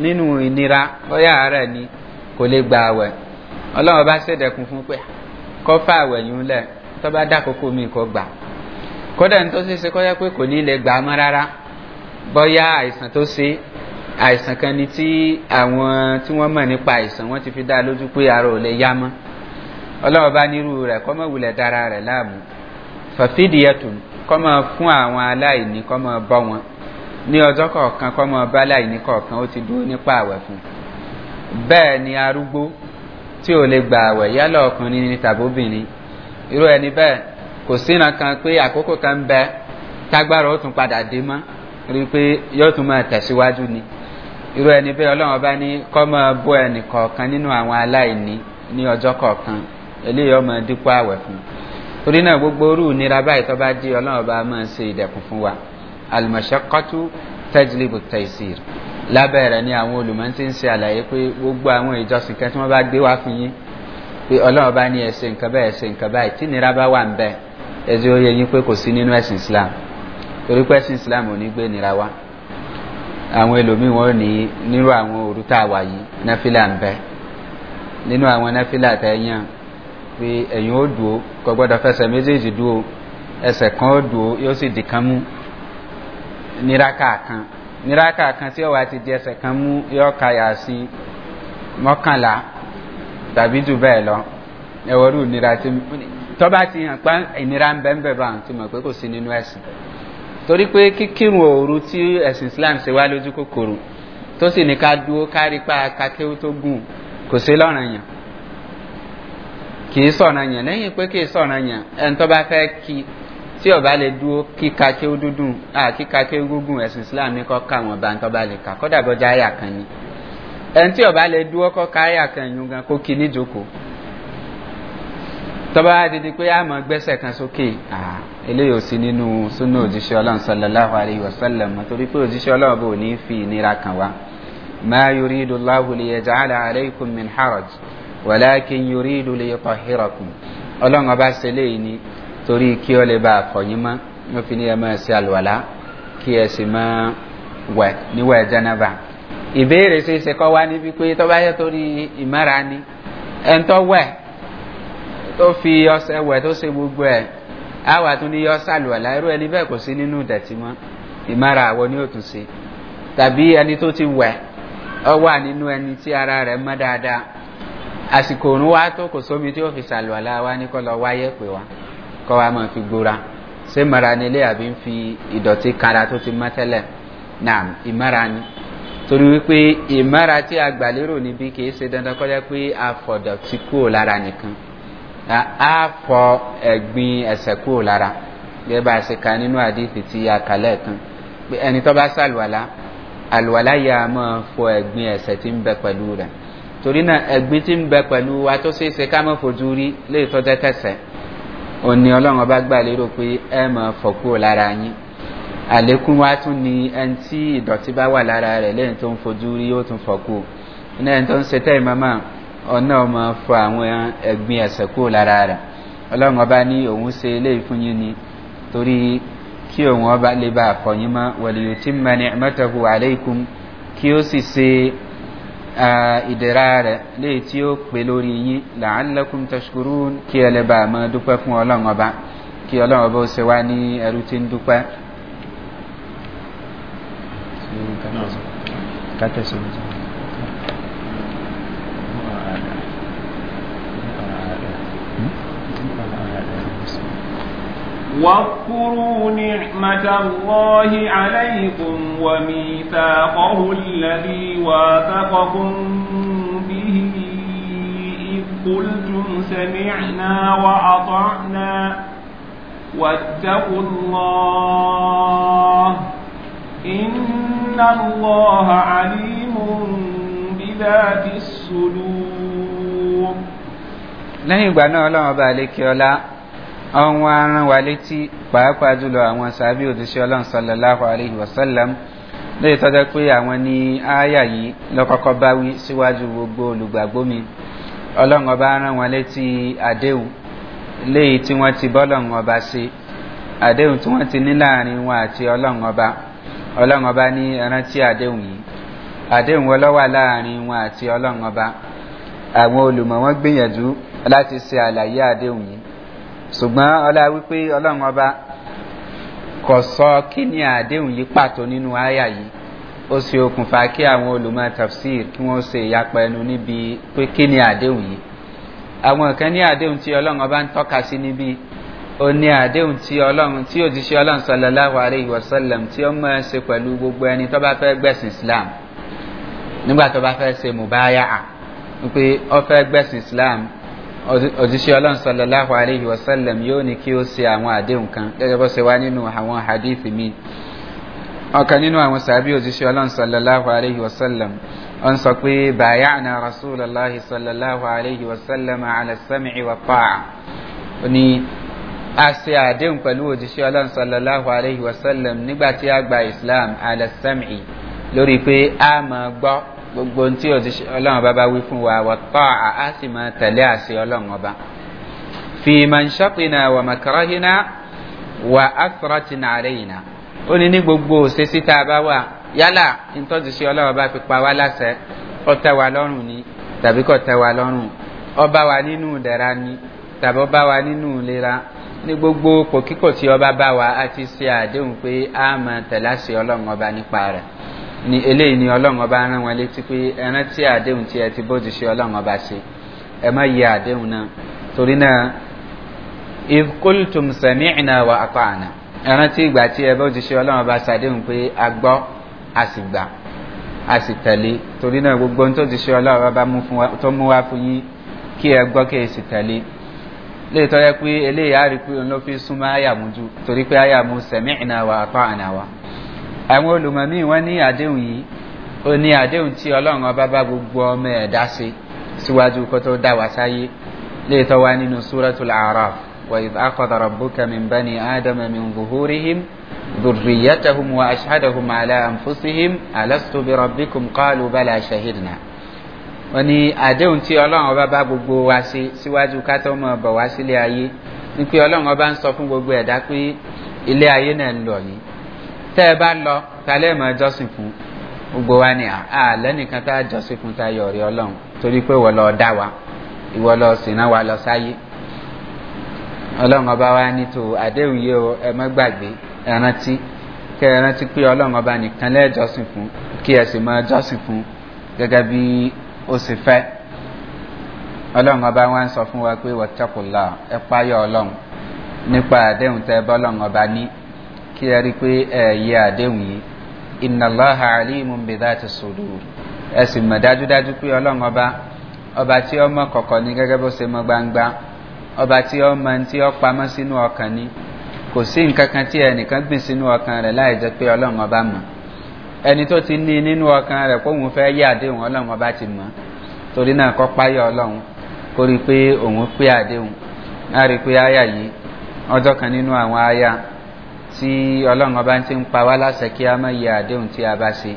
nínú ìnira bóyá ara ni kò lè gba àwẹ̀ ọlọ́run bá ṣèdẹ̀kùn fún pé kọ́ fà àwẹ̀ yìí lẹ̀ tó bá dákòókò mi kò gbà kódà ní tó ṣe ṣe kọ́yá pé kò ní lè gbà á mọ́ rárá bóyá àìsàn tó ṣe àìsàn kan ni tí àwọn tí wọ́n mọ̀ nípa àìsàn wọ́n ti fi dá lójú pé ara ò lè yá mọ́ ọlọ́run bá nírú rẹ̀ kọ́mọ̀wulẹ̀ dára rẹ̀ láàmú fàfídìyàtùn kọ́ mọ́ fún àwọn aláìní kọ́ mọ́ bọ́ wọn ní ọjọ́ kọ̀ọ̀kan kọ́ mọ́ bá aláìní kọ̀ọ̀kan ó ti dúró nípa àwẹ̀ fún bẹ́ẹ̀ ni arúgbó tí ò lè gba àwẹ̀ yálà ọkùnrin ni tàbóbìnrin irú ẹni bẹ́ẹ̀ kò síran kan pé àkókò kan ń bẹ tágbára ó tún padà dé mọ́ rí pé yóò tún máa tẹ̀síwájú ni irú ẹni bẹ́ẹ̀ ọlọ́run bá ní kọ́ mọ́ bó ẹnì kọ̀ọ̀kan nínú àwọn aláìní ní ọjọ́ kọ̀ọ̀kan eléyìí ọmọ dípò àwẹ̀ fún un torí náà gbogbo orú nira báyìí tó bá dé ọlọ́run bá máa ṣe ìdẹ̀kùn fún wa alùmọ̀ṣẹ́kọ́tù tẹ́jìlìbù tẹ̀sír lábẹ́rẹ̀ ni àwọn olùmọ̀ ti ń ṣe àlàyé pé gbogbo àwọn ìjọsìn kan tí wọ́n bá gbé wá fún yín pé ọlọ́run bá ní ẹ̀sìn nǹkan báyìí ẹ̀sìn nǹkan báyìí tí nira bá wà ń bẹ́ ẹ̀sìn ó yẹ yín pé kò sí nínú ẹ̀sìn islam torí pé ẹ̀sìn islam ò ní gbé nira wá àwọn ẹlòmíì wọn ò ní nírú àwọn òrùta àwà yìí ń bẹ́ nínú àwọn náfìlà tẹ́yàn pé ẹ̀yìn ó dùó kọ gbọ́dọ̀ fẹsẹ̀ méjèèjì dúó ẹsẹ̀ kan ó dùó yóò sì dì kan mú níraka kan níraka kan tí ti di ẹsẹ̀ kan mú yóò ka yà sí mọ́kànlá tàbí jù bẹ́ẹ̀ lọ ẹwọ́rú nira tí tọ́ba ti hàn pa ìnira ń bẹ́ẹ̀ bá àwọn mọ̀ pé kò sí nínú ẹ̀sìn torí pé kíkírun òru tí ẹ̀sìn islam ṣe wá lójú kòkòrò tó sì ní ká dúó kárí pa kakéwú tó gùn kò sí lọ́ràn yàn kìí sọ̀nà yàn lẹ́yìn pé kìí sọ̀nà yàn ẹni tó bá fẹ́ kí tí ọba lè dúró kíka kí ó dúdùn kíka kí ó gúngùn ẹ̀sìn islam ní kọ́ ká wọn bá ń tọ́ba lè kà kọ́dà bọ́jà àyà kan ni ẹni tí ọba lè dúró kọ́ àyà kan yun gan kó kí níjókòó tọ́ba wa di pé àmọ́ gbẹ́sẹ̀ kan sókè eléyìí ò sí nínú súnú òjíṣẹ́ ọlọ́run sallallahu alayhi wa torí pé òjíṣẹ́ ọlọ́run bò ní fi ìnira kan wá máa yorí idùláhùn lè yẹ wàlákin yorí ìlú lè yọkọ̀ hírọ̀kùn ọlọ́run ọba ṣe léyìí ni torí kí ọ lè bá àkọ́yìn mọ́ wọ́n fi ní ẹ máa ṣe àlùwàlá kí ẹ sì máa wẹ̀ níwẹ̀ jẹ́nàbà ìbéèrè ṣe ṣe kọ́ wá níbi pé tó bá yẹ torí ìmára ni ẹn tó wẹ̀ tó fi ọsẹ wẹ̀ tó ṣe gbogbo ẹ̀ á wà tún ní yọ ṣàlùwàlá irú ẹni bẹ́ẹ̀ kò sí nínú ìdẹ̀tí mọ́ ìmára àwọ ni ó tún ṣe tàbí ẹni tó ti wẹ̀ ọ wà nínú ẹni tí ara rẹ̀ mọ́ dáadáa àsìkò òrùn wá tó kò sómi tí ó fi sàlùwàlá wá ní kọ́ lọ wáyé pé wá kọ́ wa mọ̀ fi gbóra ṣé mara ni ilé àbí ń fi ìdọ̀tí kara tó ti mọ́ tẹ́lẹ̀ náà ìmara ni torí wípé ìmara tí a gbà lérò níbi kì í ṣe dandan kọjá pé a ti kúrò lára nìkan a fọ ẹ̀gbin ẹ̀sẹ̀ kúrò lára gẹ́gẹ́ bá a ṣe ka nínú àdìsí tí a kà lẹ́ẹ̀kan ẹni tó bá sàlùwàlá àlùwàlá yà á máa fọ ẹ̀gbin ẹ̀sẹ̀ tí ń bẹ pẹ̀lú rẹ̀ torí náà ẹ̀gbin tí ń bẹ pẹ̀lú wa tó ṣe é ṣe ká mọ́ fojú rí lè tọ́ tẹ́tẹ̀sẹ̀ ó ní ọlọ́run ọba gbà lérò pé ẹ mọ̀ fọ̀kúrò lára yín àlékún wa tún ni ẹni tí ìdọ̀tí bá wà lára rẹ̀ lẹ́yìn tó ń fojú rí ó tún fọ̀kú ní ẹni tó ń ṣe tẹ́yìn mọ́mọ́ ọ̀nà ọmọ fọ àwọn ẹ̀gbin ẹ̀sẹ̀ kúrò lára rẹ̀ ọlọ́run ọba ní òun ṣe eléyìí fún yín ni torí kí òun ọba lè bá àfọyín mọ́ wọ̀lẹ̀ yóò tí ń ní ẹ̀mọ́tọ̀kù ìdẹ̀ra rẹ̀ léè tí ó pè lórí yín làálẹ́kùn tẹ̀ṣkúrú kí ẹ lè bá mọ́ dúpẹ́ fún ọlọ́run ọba kí ọlọ́run ọba ó ṣe wá ní ẹrú tí ń dúpẹ́. kátẹ́sọ̀rọ̀ واذكروا نعمة الله عليكم وميثاقه الذي واثقكم به إذ قلتم سمعنا وأطعنا واتقوا الله إن الله عليم بذات الصدور لا يبقى نعلم بالك ولا ọ̀n wa rán wa létí pàápàá jùlọ àwọn sàábí òdíṣẹ́ ọlọ́run sọlọ́láhùn àríhì wàsálàm lóye tọ́jọ́ pé àwọn ní ááyà yìí lọ́kọ́kọ́ bá wí síwájú gbogbo olùgbàgbó mi ọlọ́run ọba rán wọn létí àdéhùn léyìí tí wọ́n ti bọ́lọ́run ọba ṣe àdéhùn tí wọ́n ti ní láàrin wọn àti ọlọ́run ọba ní rántí àdéhùn yìí àdéhùn wọn láàrin wọn àti ọlọ́run àwọn olùmọ̀ gbìyànjú láti ṣe àlàyé àdéhùn yìí ṣùgbọ́n ọlá wípé ọlọ́run ọba kò sọ kí ni àdéhùn yìí pàtó nínú àyà yìí ó ṣe okùnfà kí àwọn olùmọ̀ tafsir kí wọ́n ṣe ìyapa ẹnu níbi pé kí ni àdéhùn yìí àwọn kan ní àdéhùn tí ọlọ́run ọba ń tọ́ka sí níbi ó ní àdéhùn tí ọlọ́run tí ó ti ṣe ọlọ́run sọlọ́láhùn àrẹ ìwọ̀sọ́lẹ̀m tí ó mọ̀ ẹ́ ṣe pẹ̀lú gbogbo ẹni tó bá fẹ́ gbẹ̀sìn islam nígbà tó bá fẹ́ ṣe mùbáyà wípé ó fẹ́ gbẹ̀sìn islam òjíṣẹ́ ọlọ́run sallallahu alayhi wa sallam yóò ní kí ó se àwọn àdéhùn kan gẹ́gẹ́ bó se wá nínú àwọn hadithi mi ọkàn nínú àwọn sàbí òjíṣẹ́ ọlọ́run sallallahu alayhi wa sallam ọ ń sọ pé bàyàna rasulallahi sallallahu alayhi wa sallam alasami'i wa pa'a ni a se àdéhùn pẹ̀lú òjíṣẹ́ ọlọ́run sallallahu alayhi wa sallam nígbà tí a gba islam alasami'i lórí pé a máa gbọ́ gbogbo tí ọlọ́run bá bá wí fún wa wà tọ́ a sì máa tẹ̀lé àṣẹ ọlọ́run ọba fi máa ń ṣọ́pìnà wà màkàrọ́hìnà wà áfúrọ́tìnà àrẹ́yìnà ó ní ní gbogbo òṣèṣì tá a bá wà yálà ìtọ́jú sí ọlọ́run bá fi pa wá láṣẹ ọ tẹ wa lọ́rùn ni tàbí kò tẹ wa lọ́rùn ọ wa nínú ìdẹ̀ra ni tàbí ọ wa nínú ìlera ní gbogbo kòkíkò tí ọba bá wa á ṣe àdéhùn pé a máa tẹ̀lé àṣẹ ọlọ́run ọba nípa rẹ̀ ni eléyìí ni ọlọ́run ọba rán wọn létí pé ẹran tí àdéhùn tí ẹ ti bójú ṣe ọlọ́run ọba ṣe ẹ má yẹ àdéhùn náà torí náà ìkólùtùm sẹ̀míìnà wà akọ àná ẹran tí ìgbà tí ẹ bójú ṣe ọlọ́run ọba ṣàdéhùn pé a gbọ́ a sì gbà a sì tẹ̀lé torí náà gbogbo ohun tó ti ṣe ọlọ́run ọba tó mú wá fún yín kí ẹ gbọ́ kí ẹ sì tẹ̀lé léètọ́ yẹ pé eléyìí á rí pé òun ló fi súnmọ́ àyàmú ju torí pé àyàmú sẹ̀míìnà wà akọ àná wa àwọn olùmọ̀mí wọ́n ní àdéhùn yìí ó ní àdéhùn tí ọlọ́run ọba bá gbogbo ọmọ ẹ̀dá sí síwájú kó tó dá wa sáyé lè tọ́ wa nínú súrọ́tù làárọ̀ wà ìfàkọ̀dọ̀rọ̀ bùkẹ́mi bá ní ádámẹ́mi gbòhórihim ذريتهم وأشهدهم على أنفسهم ألست بربكم قالوا بلى شهدنا wọ́n ní àdéhùn tí ọlọ́run ọba bá gbogbo wa ṣe síwájú ká tó mọ̀ bọ̀ wá sílé ayé ní pé ọlọ́run ọba ń sọ fún gbogbo ẹ̀dá pé ilé ayé náà ń lọ yìí tẹ́ ẹ bá lọ talẹ́ mọ́ jọ́sìn fún gbogbo wa ni àlẹ́ nìkan tá a jọ́sìn fún tá a yọ̀ọ̀rí ọlọ́run torí pé wọ́n lọ dá wa ìwọ lọ sìnà wa lọ sáyé ọlọ́run ọba wa ní tò àdéhùn yìí o ẹ mọ́ gbàgbé ẹ rántí kẹ ẹ rántí pé ọlọ́run ọba nìkan lẹ́ẹ̀jọ́sìn fún kí ẹ sì mọ́ jọ́sìn fún gẹ́gẹ́ bí ó sì fẹ́ ọlọ́run ọba wa ń sọ fún wa pé wọ́n tẹ́kùlá ẹ páyọ̀ ọlọ́run nípa àdéhùn tẹ́ bọ́lọ́run ọba ní. kí ẹ pé ẹ yẹ àdéhùn yìí ìnàláha alimun bèdá ti sòdò ẹ sì mọ̀ dájúdájú pé ọlọ́run ọba ọba tí ó mọ kọ̀kọ̀ ní gẹ́gẹ́ bó ṣe mọ gbangba ọba tí ó mọ tí ó pamọ́ sínú ọkàn ni kò sí nǹkan kan tí ẹnìkan gbìn sínú ọkàn láì pé ọlọ́run ọba mọ̀ ẹni tó ti ní nínú ọkàn rẹ̀ pé fẹ́ tí ọlọ́run ọba ti ń pa wá láṣẹ kí a mọ̀ yẹ àdéhùn tí a bá ṣe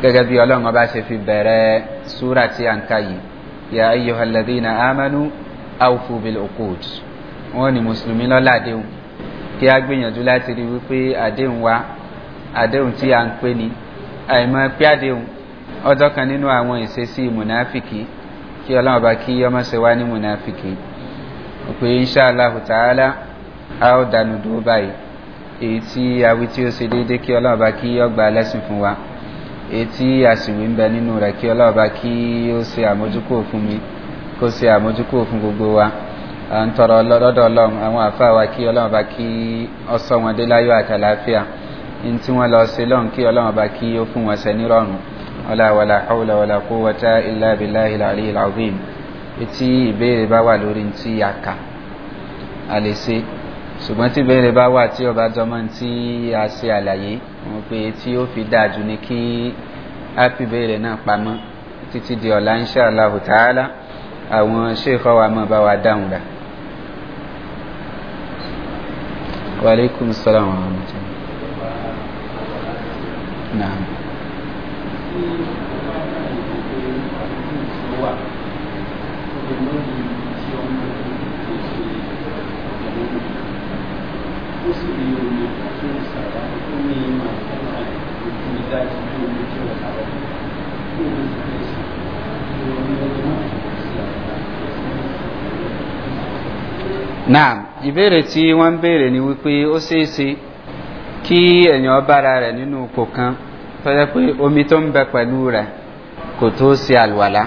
gẹ́gẹ́ bí ọlọ́run ọba ṣe fi bẹ̀rẹ̀ súrà tí a ń ka yìí ya ayé ọ̀lẹ́dí na amánú áwùfù bíi okòd wọ́n ní mùsùlùmí lọ́la àdéhùn kí a gbìyànjú láti rí wípé àdéhùn wa àdéhùn tí a ń pè ní àìmọ́ pé àdéhùn ọjọ́ kan nínú àwọn ìṣesí mùnáfìkì kí ọlọ́run ọba kí ọmọ ṣe wá ní mùnáfìkì òpè inṣàlá hùtàálá a ó dànù dúró báyìí èyí tí awi tí ó se déédé kí ọlọ́ọ̀bá kí ọgbà lẹ́sìn fún wa èyí tí àsìwé ń bẹ nínú rẹ̀ kí ọlọ́ọ̀bá kí ó se àmójúkò fún mi kó se àmójúkò fún gbogbo wa à ń tọrọ lọ́dọ̀ ọlọ́run àwọn àfáà wa kí ọlọ́ọ̀bá kí ọsọ wọn dé láyọ̀ àtàláfíà ní tí wọ́n lọ sí lọ́run kí ọlọ́ọ̀bá kí ó fún wọn sẹ́ nírọ̀rùn ọlá wàlá hawla wàlá kówátá ṣùgbọ́n tí bẹ̀rẹ̀ bá wà tí ọba jọmọ́ tí a ṣe àlàyé wọn pé tí ó fi dájú ní kí á fi bẹ̀rẹ̀ náà pamọ́ títí di ọ̀la ń ṣe aláhù tààlà àwọn ṣe ìfọwà mọ́ bá wa dáhùn rà. wàlékùn sọ́lá wọn àwọn ọmọdé. Thank you. naam ìbéèrè tí wọ́n ń béèrè ni wípé ó ṣeéṣe kí èèyàn bára rẹ̀ nínú oko kan tó jẹ́ pé omi tó ń bẹ pẹ̀lú rẹ̀ kò tó ṣe àlùwàlá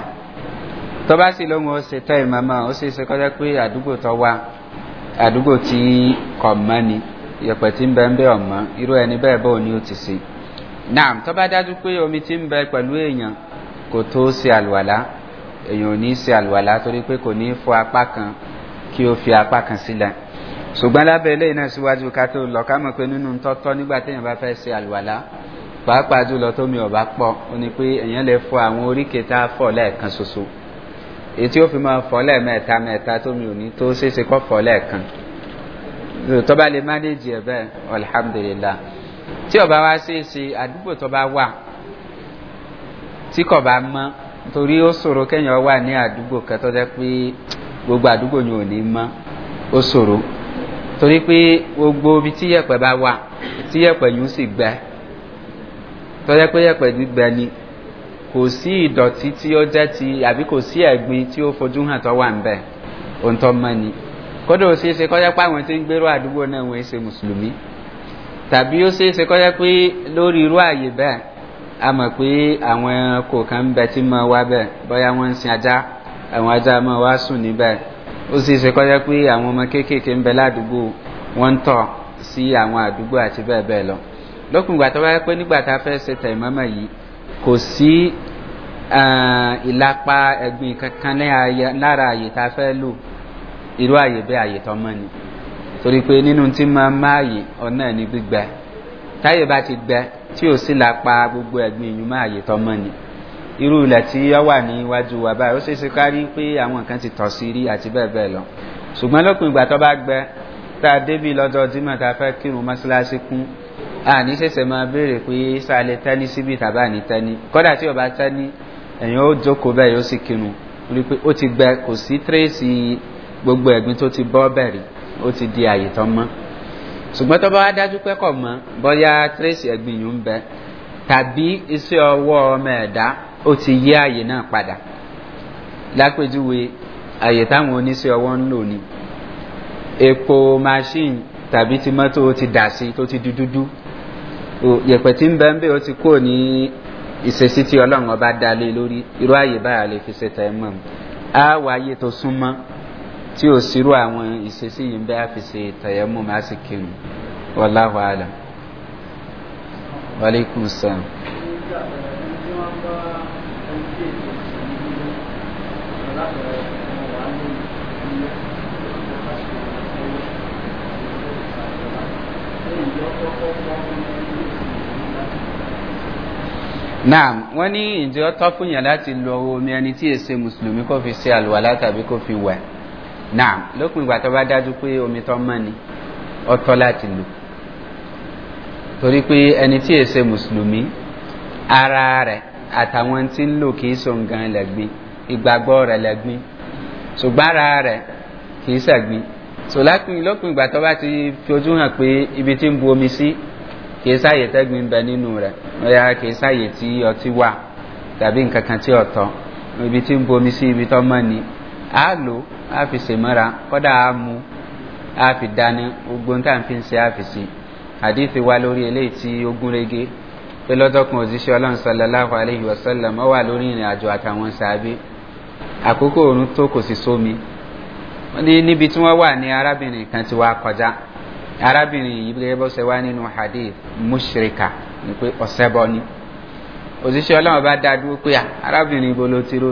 tó bá sì lóhun ó ṣe tọ́ ó ṣeéṣe kọ́ jẹ́ pé àdúgbò tó wà àdúgbò tí kò mọ́ ni yẹ̀pẹ̀ tí ń bẹ ń bẹ ọ̀mọ́ irú ẹni bẹ́ẹ̀ bọ́ ni ó ti se náà tó bá dájú pé omi tí ń bẹ pẹ̀lú èèyàn kò tó se àlùwàlá èèyàn ò ní se àlùwàlá torí pé kò ní fọ apá kan kí ó fi apá kan sílẹ̀ ṣùgbọ́n lábẹ́ ilé náà síwájú ká tó lọ ká mọ̀ pé nínú tọ́tọ́ nígbà téèyàn bá fẹ́ se àlùwàlá pàápàá jùlọ tó mi ọ̀bá pọ̀ ó ní pé èèyàn lè fọ àwọn oríkèé tá a fọ̀ lẹ́ẹ̀kan ṣoṣo èyí tí ó fi máa fọ̀ lẹ́ẹ̀mẹ́ta mẹ́ta tó mi ò ní tó ṣeéṣe kọ́ fọ̀ lẹ́ẹ̀kan Eh, tọ́ba lè mánéjì ẹ̀ bẹ́ẹ̀ alhamdulilah tí ọba wa ṣe é ṣe àdúgbò tọ́ba wà tí kò bá mọ́ torí ó ṣòro kẹ́yìn wà ní àdúgbò kan tó jẹ́ pé gbogbo àdúgbò yìí ò ní mọ́ ó ṣòro torí pé gbogbo ibi tí yẹ̀pẹ̀ bá wà tí yẹ̀pẹ̀ yìí sì gbẹ tó jẹ́ pé yẹ̀pẹ̀ gbígbẹ ni kò sí ìdọ̀tí tí ó jẹ́ ti àbí kò sí ẹ̀gbin tí ó fojú hàn tó wà ń bẹ̀ òǹtọ́ mọ́ ni. kódà ó ṣeéṣe kọjá pé àwọn tí ń gbèrò àdúgbò náà wọ́n ṣe mùsùlùmí tàbí ó ṣeéṣe kọjá pé lórí irú àyè bẹ́ẹ̀ a mọ̀ pé àwọn ẹranko kan bẹ tí mọ wá bẹ́ẹ̀ bọ́yá wọ́n ń sin ajá àwọn ajá mọ wá sùn níbẹ̀ ó ṣeéṣe kọjá pé àwọn ọmọ kéékèèké ń bẹ ládùúgbò wọn ń tọ̀ sí àwọn àdúgbò àti bẹ́ẹ̀ lọ lókùn ìgbà tó pé nígbà tá a fẹ́ ṣe tẹ̀ mọ́mọ́ yìí kò sí ìlapa ẹ̀gbìn kankan lára àyè tá a fẹ́ lò irú àyè bẹ́ẹ̀ àyè tọ́ mọ́ ni torí pé nínú tí máa ń máàyè ọ̀nà ní gbígbẹ táyè bá ti gbẹ tí ò sí lápá gbogbo ẹ̀gbìn ìyún máàyè tọ́ mọ́ ni irú ilẹ̀ tí ó wà níwájú wa báyìí ó ṣeé ṣe ká rí pé àwọn nǹkan ti tọ̀ sí rí àti bẹ́ẹ̀ bẹ́ẹ̀ lọ ṣùgbọ́n lópin ìgbà tó bá gbẹ tá a débì lọ́jọ́ dímọ̀ tá a fẹ́ kírun mọ́ṣáláṣí kún àní ṣẹ̀ṣẹ̀ máa béèrè pé sáàlẹ̀ tẹ́ni síbi tàbá ní tẹ́ni kọ́dà tí ọba tẹ́ni ẹ̀yìn ó jókòó bẹ́ẹ̀ yóò sì kírun rí pé ó ti gbẹ kò sí tírèsì gbogbo ẹ̀gbin tó ti bọ́ bẹ̀rẹ̀ ó ti di àyè tán mọ́ ṣùgbọ́n tó bá wá dájú pé kọ̀ mọ́ bóyá tírèsì ẹ̀gbin yìí ń bẹ tàbí iṣẹ́ ọwọ́ ọmọ ẹ̀dá ó ti yí àyè náà padà lápèjúwe àyè táwọn oníṣẹ́ ọwọ́ ń lò ní epo machine tàbí ti mọ́tò ti dà sí tó ti dúdúdú yẹ̀pẹ̀ tí ń bẹ́ ń bẹ́ ó ti kúrò ní ìṣesí tí ọlọ́run ọba dá lé lórí irú àyè báyà lè fi ṣe tẹ̀ mọ́ a wáyé tó súnmọ́ tí ò sírú àwọn ìṣesí yìí ń bẹ́ àfìsè tẹ̀yẹ́mú máa sì kírun wọláhu àlà wàlẹ́kùn sàn. naam wọ́n ní ìjọ tọ́ fún yàn láti lo omi ẹni tí èsè mùsùlùmí kò fi ṣe àlùwàlá tàbí kò fi wẹ̀ náà lópin ìgbà tó bá dájú pé omi tó mọ́ ni ọtọ́ láti lò torí pé ẹni tí èsè mùsùlùmí ara rẹ̀ àtàwọn tí ń lò kìí so nǹkan lẹ́gbin ìgbàgbọ́ rẹ̀ lẹ́gbin ṣùgbọ́n ara rẹ̀ kìí sẹ̀gbin so lápin lópin ìgbà tó bá ti fi ojú hàn pé ibi tí ń bu omi sí kìí sáyè tẹ́gbin bẹ nínú rẹ̀ ọ̀yà kìí sáyè tí ọtí wà tàbí nǹkan kan tí ọ̀tọ̀ ibi tí ń bu omi sí ibi tó mọ́ ni á lò ó Afise mara sè mọ́ra kọ́dà á mu á fi dání gbogbo nǹkan fi ń se á fi wa àdífi wá lórí eléyìí tí ó gúnrégé pé lọ́dọ́kun òjíṣẹ́ ọlọ́run sallallahu alayhi wa sallam ọ wà lórí ìrìn àjò àtàwọn sàábé àkókò òrùn tó kò sì sómi ní níbi tí wọ́n wà ní arábìnrin kan ti wá kọjá arábìnrin yìí gẹ́gẹ́ bó ṣe wá nínú hadith mushrika ni pé ọ̀sẹ̀ bọ́ ni òjíṣẹ́ ọlọ́run bá dá dúró pé arábìnrin ibo ló ti rí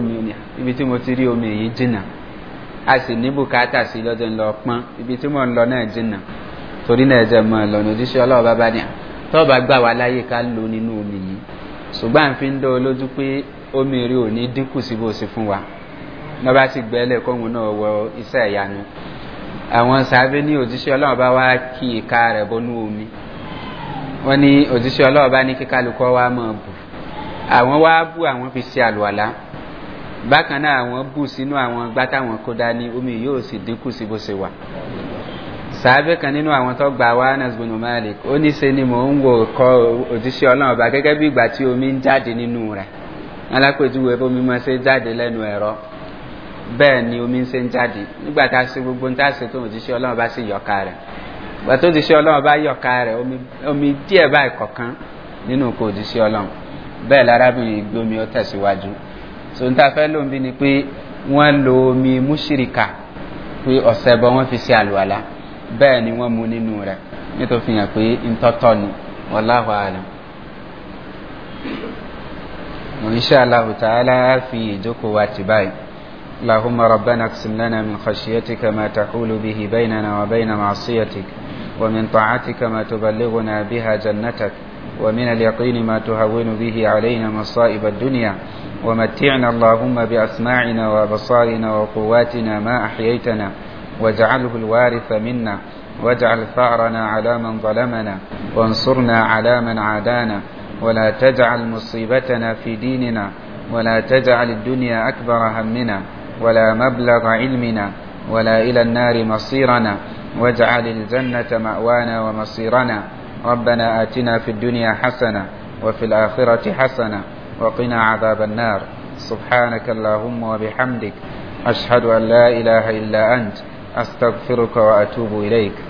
ibi tí mo ti rí omi èyí jìnnà a sì ní bùkátà sí lọ́jọ́ ńlọ pọ́n ibi tí mò ń lọ náà jìnnà torí náà ẹ̀jẹ̀ mọ̀ lọ́nà òjíṣẹ́ ọlọ́run bá bá ní à tọ́ bá gbà wá láyé ká lò nínú omi yìí ṣùgbọ́n à ń fi ń dọ́ lójú pé omi rí ò ní dínkù sí bó ṣe fún wa lọ́ bá sì gbẹ́lẹ̀ kóhun náà wọ iṣẹ́ ìyanu àwọn sàábé ní òjíṣẹ́ ọlọ́run bá wá kí ìka rẹ̀ bọnú omi wọ́n ní òjíṣẹ́ ọlọ́run ní kíkálukọ́ wá mọ̀ bù àwọn wá bù àwọn fi ṣe àlùwàlá bákan náà àwọn bù sínú àwọn gbá táwọn kó dání omi yóò sì dínkù sí bó ṣe wà sàábẹ́ kan nínú àwọn tó gba wa anas bin malik ó ní ṣe ni mò ń wò kọ òjíṣẹ́ ọlọ́run ọba gẹ́gẹ́ bí ìgbà tí omi ń jáde nínú rẹ̀ alápèjúwe bómi máa ṣe jáde lẹ́nu ẹ̀rọ bẹ́ẹ̀ ni omi ń ṣe ń jáde nígbà tá a ṣe gbogbo ń tá a ṣe tó òjíṣẹ́ ọlọ́run ọba sì yọ̀ka rẹ̀ ìgbà tó òjíṣẹ́ ọlọ́run ọba yọ̀ka rẹ̀ omi díẹ̀ báyìí kọ̀ọ̀kan nínú nǹkan òjíṣẹ́ ọlọ́run bẹ́ẹ̀ lárábìnrin gbé ó tẹ̀síwájú so n ta fẹ́ ló ń bí ni pé wọ́n lo omi múṣìríkà pé ọ̀sẹ̀ bọ́ wọ́n fi ṣe àlùwàlá bẹ́ẹ̀ ni wọ́n mu nínú rẹ̀ nítorí fi hàn pé ntọ́tọ́ ni wọ́n láhùn àlọ́ insha Allah ta'ala fi joko wati bai اللهم ربنا اقسم لنا من خشيتك ما تحول به بيننا وبين معصيتك ومن طاعتك ما تبلغنا بها جنتك ومن اليقين ما تهون به علينا مصائب الدنيا ومتعنا اللهم بأسماعنا وأبصارنا وقواتنا ما أحييتنا واجعله الوارث منا واجعل ثأرنا على من ظلمنا وانصرنا على من عادانا ولا تجعل مصيبتنا في ديننا ولا تجعل الدنيا أكبر همنا ولا مبلغ علمنا ولا إلى النار مصيرنا واجعل الجنة مأوانا ومصيرنا ربنا آتنا في الدنيا حسنة وفي الآخرة حسنة وقنا عذاب النار سبحانك اللهم وبحمدك أشهد أن لا إله إلا أنت أستغفرك وأتوب إليك